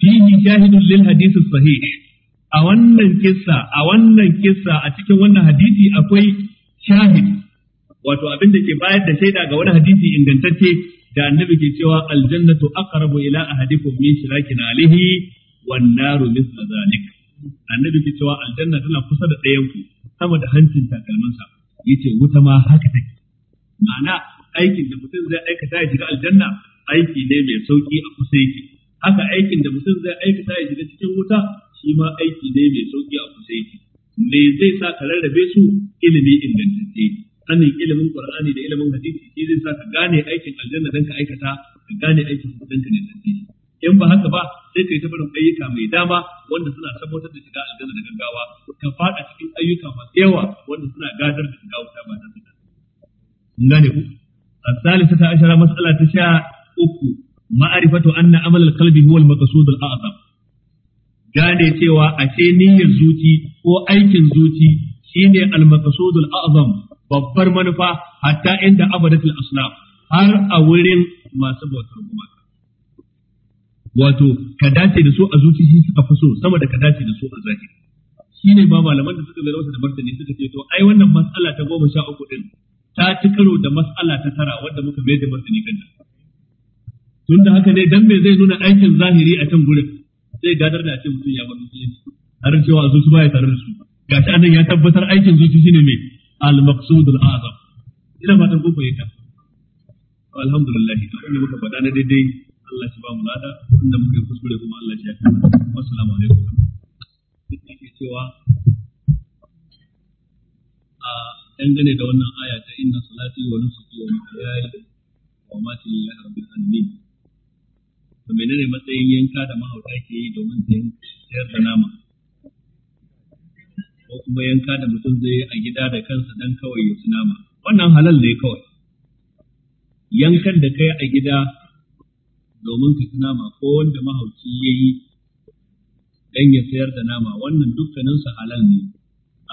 fihi shahidun lil hadith sahih a wannan kissa a wannan kissa a cikin wannan hadisi akwai shahid wato abin da ke bayar da shaida ga wani hadisi ingantacce da annabi ke cewa aljannatu aqrabu ila ahadikum min shirakin alihi wan naru mithla zalik annabi ke cewa aljanna tana kusa da ɗayan ku sama da hancin takalminsa yace wuta ma haka take ma'ana aikin da mutum zai aikata ya shiga aljanna aiki ne mai sauki a kusa yake haka aikin da mutum zai aikata ya shiga cikin wuta shi ma aiki ne mai sauki a kusa yake me zai sa ka rarrabe su ilimi ingantacce sanin ilimin qur'ani da ilimin hadisi shi zai sa ka gane aikin aljanna dan ka aikata ka gane aikin dan ka ne in ba haka ba sai kai ta barin ayyuka mai dama wanda suna sabotar da shiga aljanna da gaggawa ka fada cikin ayyuka masu yawa wanda suna gadar da shiga wuta ba tare da kun gane ku الثالثة عشرة مسألة تشاء أكو معرفة أن عمل القلب هو المقصود الأعظم gane cewa ashe niyyar zuci ko aikin zuci shine al-maqsudul a'zam babbar manufa hatta inda abadatul asnaf har a wurin masu bautar gumaka wato ka dace da su a zuci shi suka fi so sama da ka dace da su a zahiri ne ba malaman da suka zarausa da martani suka ce to ai wannan mas'ala ta goma sha uku din ta ci karo da mas'ala ta tara wanda muka mai da martani kanta tun da haka ne dan me zai nuna aikin zahiri a can gurin sai gadar da a ce mutum ya bar musulunci har cewa zuci ba ya tare da su gashi anan ya tabbatar aikin zuci shine mai al-maqsud al-azam ina fatan yi fahimta alhamdulillah to da muka faɗa na daidai Allah shi ba mu lada inda muka yi kuskure kuma Allah shi ya kai assalamu alaikum duk ake cewa a dangane da wannan aya ta inna salati wa nusuki wa mahyaya wa mamati lillahi rabbil alamin to menene matsayin yanka da mahauta ke yi domin sayar da nama ko kuma yanka da mutum zai yi a gida da kansa dan kawai ya ci nama wannan halal ne kawai yankan da kai a gida domin ka ci nama ko wanda mahauci ya yi dan ya sayar da nama wannan dukkanin sa halal ne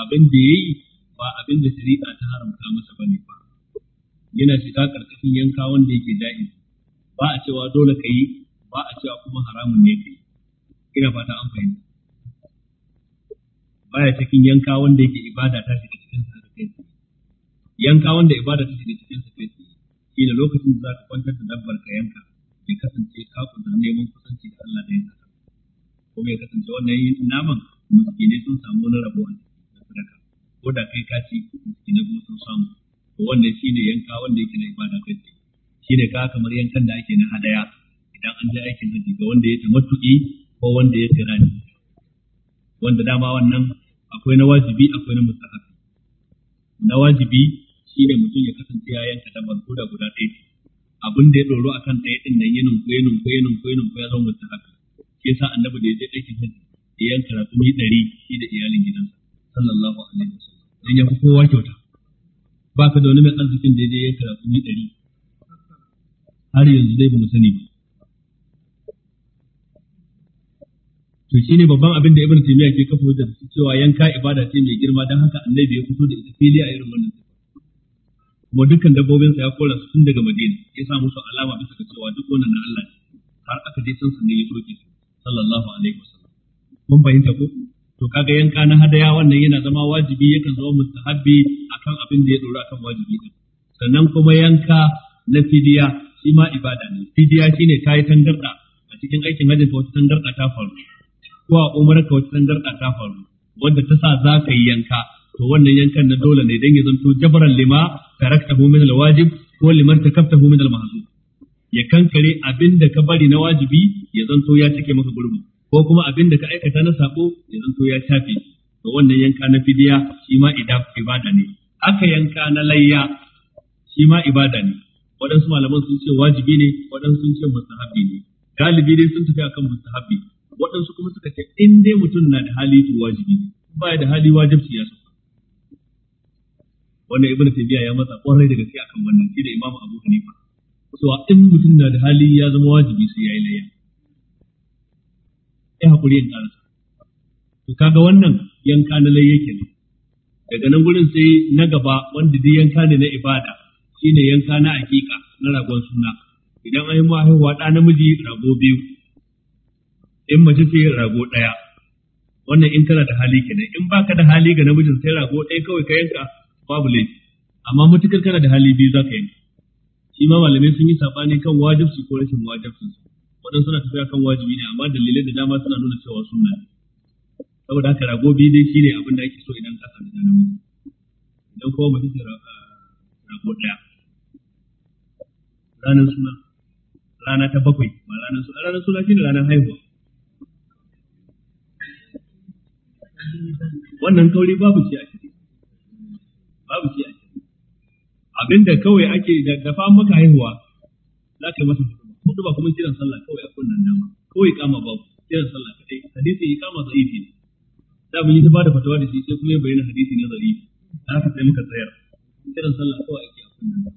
abin da ya yi ba abin da shari'a ta haramta masa ba ne ba yana shiga karkashin yanka wanda yake da'i ba a cewa dole ka yi ba a cewa kuma haramun ne ka yi ina fata an fahimta baya cikin yanka wanda yake ibada ta shiga cikin sa da kai yanka wanda ibada ta shiga cikin sa kai ne lokacin da ka kwantar da dabbar ka yanka ya kasance ka da neman kusanci da Allah da yin haka kuma ya kasance wannan yin naman miskinai sun samu wani rabo da sadaka ko da kai ka ci miskinai kuma sun samu to wannan ne yanka wanda yake na ibada kai ne ka kamar yankan da ake na hadaya idan an je aikin haji ga wanda ya tamattu'i ko wanda ya ni. wanda dama wannan akwai na wajibi akwai na mustahabi na wajibi shi ne mutum ya kasance ya yanka dabbar ko da guda ɗaya abin da ya doro kan ɗaya ɗin nan ya nunku ya nunku ya nunku ya nunku ya zama mustahab shi yasa annabi da ya je aikin da ya yanka mai ɗari shi da iyalin gidansa sallallahu alaihi wa sallam. dan ya fi kowa kyauta ba ka da wani mai arzikin da ya je yanka mai ɗari har yanzu dai ba mu sani ba to shine babban abin da Ibn Taymiyyah ke kafa wajen cewa yanka ibada ce mai girma don haka annabi ya fito da ita fili a irin wannan kuma dukkan dabbobin sa ya kora su tun daga Madina ya sa musu alama bisa ga cewa duk wannan na Allah ne har aka je san sannan ya soke su sallallahu alaihi wasallam mun fahimta ko to kaga yanka na hadaya wannan yana zama wajibi yakan zama mustahabbi akan abin da ya dora akan wajibi din sannan kuma yanka na fidiya shi ma ibada ne fidiya shine tayi tangarda a cikin aikin hajji wata tangarda ta faru ko a umar ka wata tangarda ta faru wanda ta sa za ka yi yanka to wannan yankan na dole ne dan ya zanto jabran lima hu min alwajib ko liman hu min almahzub ya kankare abinda ka bari na wajibi ya zanto ya take maka gurbin ko kuma abinda ka aikata na sako ya zanto ya shafe to wannan yanka na fidiya shi ma ibada ne aka yanka na layya shi ma ibada ne waɗansu malaman sun ce wajibi ne waɗansu sun ce mustahabi ne galibi dai sun tafi akan mustahabbi waɗansu kuma suka ce in dai mutum na da hali to wajibi ne ba da hali wajibi ya sauka wannan ibnu tabiya ya matsa kwarai da gaske akan wannan shi da imam abu hanifa a in mutum na da hali ya zama wajibi sai yayi layya ya hakuri yin karasa to kaga wannan yanka na layya kenan daga nan gurin sai na gaba wanda duk yanka ne na ibada shine yanka na hakika na ragon suna idan an yi haihuwa ɗa namiji rago biyu in mace ce rago ɗaya wannan in kana da hali kenan in baka da hali ga namijin sai rago ɗaya kawai ka yanka babu laifi amma mutukar kana da hali biyu zaka yi shi ma malamai sun yi sabani kan wajibci ko rashin wajibcin su wadan suna tafiya kan wajibi ne amma dalilai da dama suna nuna cewa sunna ne saboda haka rago biyu dai shine abin da ake so idan ka samu da namiji idan kuma mace ce ah, rago daya ranar suna rana ta bakwai ba ranar suna ranar suna shine ranar haihuwa wannan kauri babu shi a ciki babu shi a ciki abinda kawai ake da fa maka haihuwa za ka yi masa hudu ba kuma kiran sallah kawai a kunnan dama kawai kama babu kiran sallah kadai hadisi ya kama zaifi ne da mun yi ta bada fatawa da shi sai kuma ya bayyana hadisi na zaifi da haka sai muka tsayar kiran sallah kawai ake a kunnan dama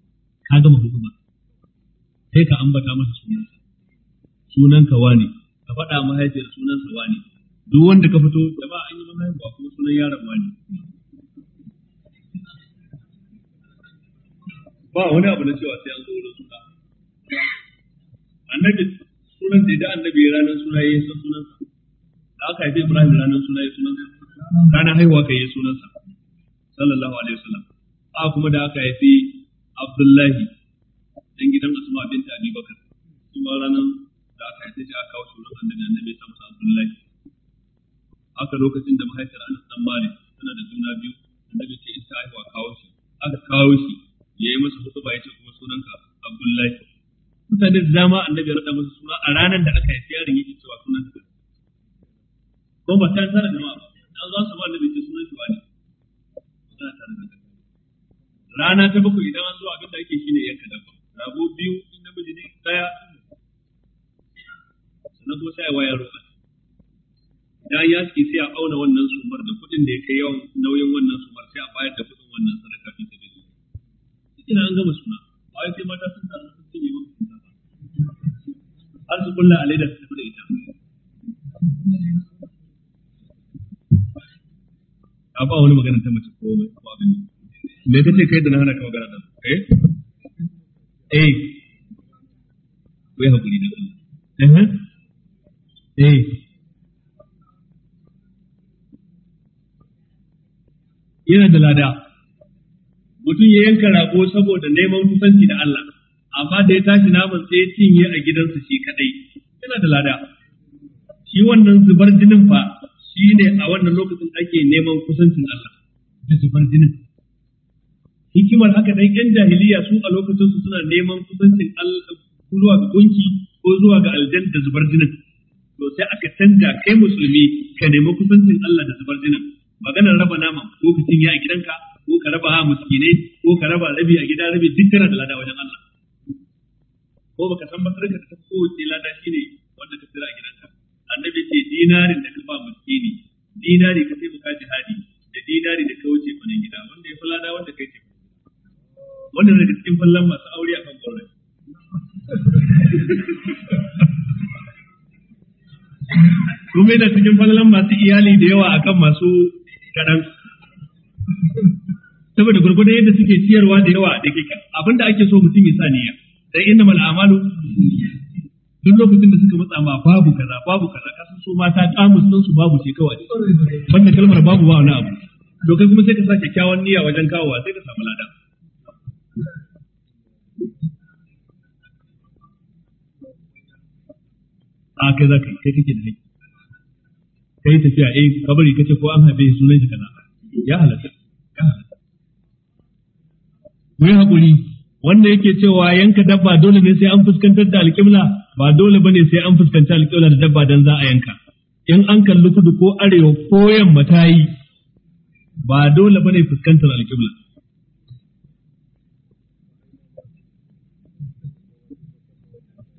ka gama hudu ba sai ka ambata masa sunansa sunanka wane ka faɗa mahaifiyar sunansa wane duk wanda ka fito jama'a an yi mahaifiyar kuma sunan yaron wane ba wani abu na cewa sai an zo wurin suna annabi sunan da annabi ranar suna yi san sunansa da aka haife Ibrahim ranar suna sunan sunansa ranar haihuwa kai sunan sunansa sallallahu alaihi wasallam a kuma da aka haife Abdullahi dan gidan Asma bint Abi Bakar kuma ranar da aka haife shi aka kawo sunan annabi annabi ta musa Abdullahi aka lokacin da mahaifiyar Anas dan Malik tana da juna biyu annabi ce in ta haihuwa kawo shi aka kawo shi yi masa ba ya ce kuma sunanka Abdullahi mutane da dama annabi ya rada masa suna a ranar da aka haifi yaron yake cewa ka ko ba ta tsara da ba dan za su ba annabi ce sunan shi wani suna rana ta bakwai idan an zo abin da ake shine yanka dabba rago biyu namiji ne daya sannan kuma sai wayar ruwa idan ya ce sai a auna wannan sumar da kuɗin da ya kai yawan nauyin wannan sumar sai a bayar da kuɗin wannan sadaka fi ina an gama suna ba sai mata sun sun cinye maka suna ba har su kulla su tafi da ita a ba wani magana ta mace abin me kai da na hana ka magana eh eh ku yi da Allah eh eh yana da lada mutum ya yanka rago saboda neman kusanci da Allah amma da ya tashi naman sai cinye a gidansa shi kadai yana da lada shi wannan zubar jinin fa shi ne a wannan lokacin ake neman kusancin Allah da zubar jinin hikimar haka dai yan jahiliya su a lokacin su suna neman kusancin Allah zuwa ga gunki ko zuwa ga aljan da zubar jinin to sai aka canza kai musulmi ka nemi kusancin Allah da zubar jinin maganar raba naman lokacin ya a gidanka ko ka raba muskine ko ka raba rabi a gida rabi duk kana da lada wajen Allah ko baka san ba sarka ta ce lada shine wanda ka tsira a gidanka annabi ce dinarin da ka ba miskini dinari ka taimaka jihadi da dinari da ka wuce kwanan gida wanda ya fi lada wanda kai ce Wannan daga cikin fallon masu aure a kan gwamnati kuma yana cikin fallon masu iyali da yawa akan masu kaɗan saboda gurgurdan yadda suke ciyarwa da yawa da kika abinda ake so mutum ya sa niyya inna mal a'malu duk lokacin da suka matsa ma babu kaza babu kaza kasan su mata ta din su babu ce kawai wannan kalmar babu ba wani abu to kai kuma sai ka sa kyakkyawan niyya wajen kawowa sai ka samu lada a kai za ka kai kake da ni. kai tafiya eh kabari kace ko an haife sunan shi kaza ya halatta mai haƙuri wanda yake cewa yanka dabba dole ne sai an fuskantar da alƙibla ba dole bane sai an fuskanta alƙibla da dabba dan za a yanka in an kalli kudu ko arewa ko yamma ta yi ba dole bane fuskantar alƙibla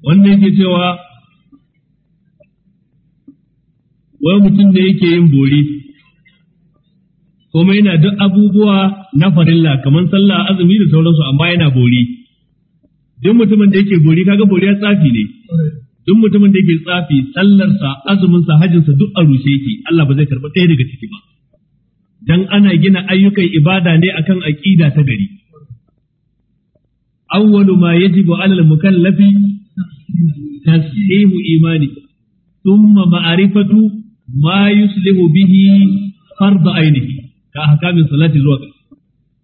wanda yake cewa wani mutum da yake yin bori kuma yana duk abubuwa na farilla kamar sallah azumi da sauransu amma yana bori duk mutumin da yake bori kaga bori ya tsafi ne duk mutumin da yake tsafi sallarsa azuminsa sa duk a rushe yake Allah ba zai karba ɗaya daga ciki ba dan ana gina ayyukan ibada ne akan aqida ta gari awwalu ma yajibu 'ala al-mukallafi tasheehu imani thumma ma'rifatu ma yuslihu bihi fard ainihi ka ahkamin salati zuwa ƙarshe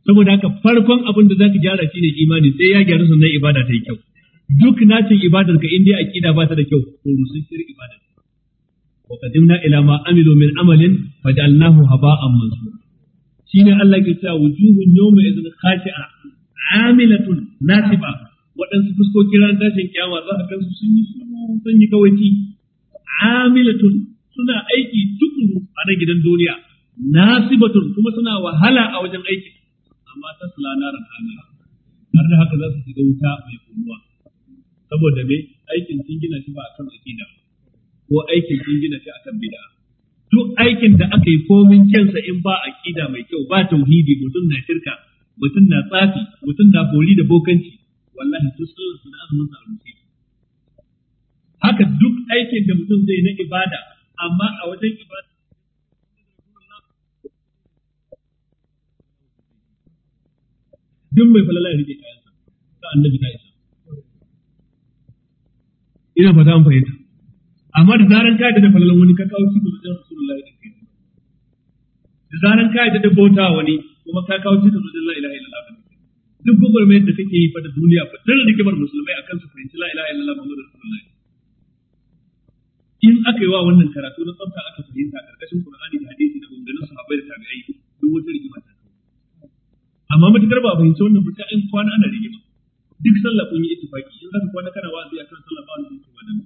saboda haka farkon abin da zaka gyara shine imani sai ya gyara na ibada ta yi kyau duk nacin ibadar ka indai akida ba ta da kyau to rusushir ibadar wa qadimna ila ma amilu min amalin faj'alnahu haba'an mansura shine Allah ke cewa wujuhun yawma idhin khashi'a amilatun nasiba waɗansu fuskoki ran tashin kiyama za a sun yi sun yi kawai amilatun suna aiki tukuru a na gidan duniya nasibatun kuma suna wahala a wajen aikin amma ta sulana rahama har da haka za su shiga wuta mai kunuwa saboda me aikin sun gina shi ba akan aƙida, ko aikin sun gina shi akan bid'a duk aikin da aka yi komin kyansa in ba aqida mai kyau ba tauhidi mutum na shirka mutum na tsafi mutum na bori da bokanci wallahi duk sun su da azumin sa haka duk aikin da mutum zai na ibada amma a wajen ibada duk mai falala ya rike kayansa ta annabi ta isa ina fata an fahimta amma da zaran ka yadda da falalan wani ka kawo shi ga wajen rasulullahi da kai da zaran ka yadda da bauta wani kuma ka kawo shi ga wajen la ilaha illallah duk gwagwarmayar da kake yi fa da duniya fa tare da bar musulmai akan su fahimci la ilaha illallah muhammadu rasulullahi in aka yi wa wannan karatu na tsafta aka fahimta ƙarƙashin qur'ani da hadisi da gungunan sahabbai da tabi'ai duk wata rigima ta amma matukar ba a fahimci wannan ba sai kwana ana rigima duk sallah kun yi ittifaki in zaka kwana kana wa'azi kan sallah ba wanda yake wannan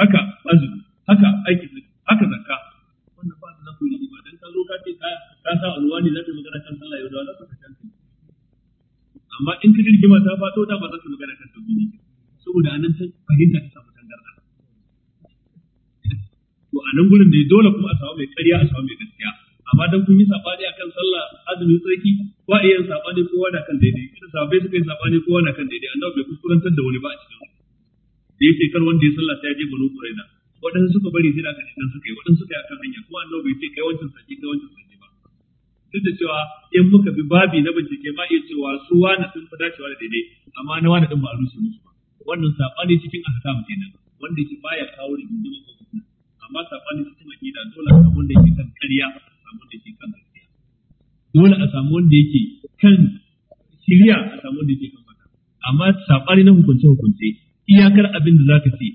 haka azumi haka aiki haka zakka wannan ba da ku ba dan ka zo ka ce ka sa alwani zaka magana kan sallah yau da wani ka kan amma in ka ma ta fado ta ba zaka magana kan ne saboda anan ta fahimta ta samu tangarda to a nan gurin da dole kuma a samu mai ƙarya a samu mai gaskiya amma don kun yi sabani akan sallah azumi tsarki ko a yin sabani kowa na kan daidai ita sabai suka yi sabani kowa na kan daidai annabi bai kuskurantar da wani ba a cikin da ce kar wanda ya sallah sai ya je banu quraina wadansu suka bari sai da aka cikin suka yi wadansu suka yi akan hanya ko annabi bai ce kai wancan sarki kai wancan sarki ba duk da cewa in muka bi babi na bincike ma iya cewa su wani sun fi dacewa da daidai amma na wani ɗin ba a rushe musu ba wannan sabani cikin ahkam kenan wanda ke baya kawo rigima ko fitina amma sabani cikin akida dole abin wanda yake kan ƙarya samu wanda yake kan gaskiya dole a samu wanda yake kan shirya a samu wanda yake kan fata amma sabani na hukunce hukunce iyakar abin da zaka ce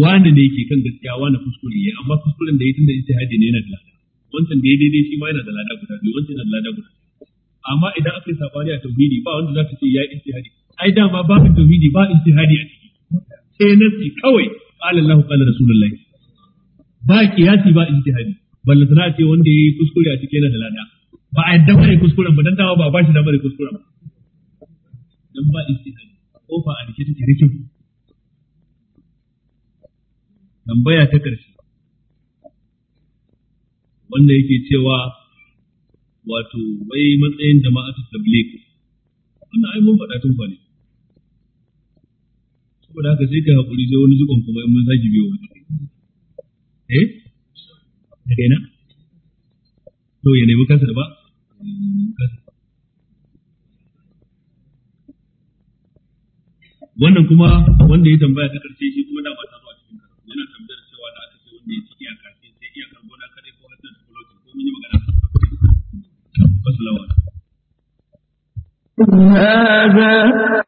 Wani ne yake kan gaskiya wani kuskure yayi amma kuskuren da yayi tunda ijtihadi ne yana da lada wancan da ya daidai shi ma yana da lada guda biyu wancan yana da lada guda amma idan aka yi sabani a tauhidi ba wanda zaka ce ya ijtihadi ai dama babin tauhidi ba ijtihadi a ciki sai nasi kawai qala Allahu qala Rasulullahi ba kiyasi ba ijtihadi ballantana ce wanda ya yi kuskure a cikin yana da lada ba a yadda bane kuskuren ba dan dawa ba a bashi damar kuskuren ba dan ba istihadi kofa a rike take rikin tambaya ta karshe wanda yake cewa wato wai matsayin jama'atu tabligh wannan ai mun faɗa tun fane. saboda haka sai ka hakuri sai wani jikon kuma in mun sake biyo wani eh daina to ya nemi kansa da ba wannan kuma wanda ya tambaya ta karshe shi kuma da ba ta zuwa cikin karatu yana tambayar cewa da aka ce wanda ya ciki a karshe sai iyakar gona kadai ko hatta da kuloci ko mun yi magana assalamu alaikum هذا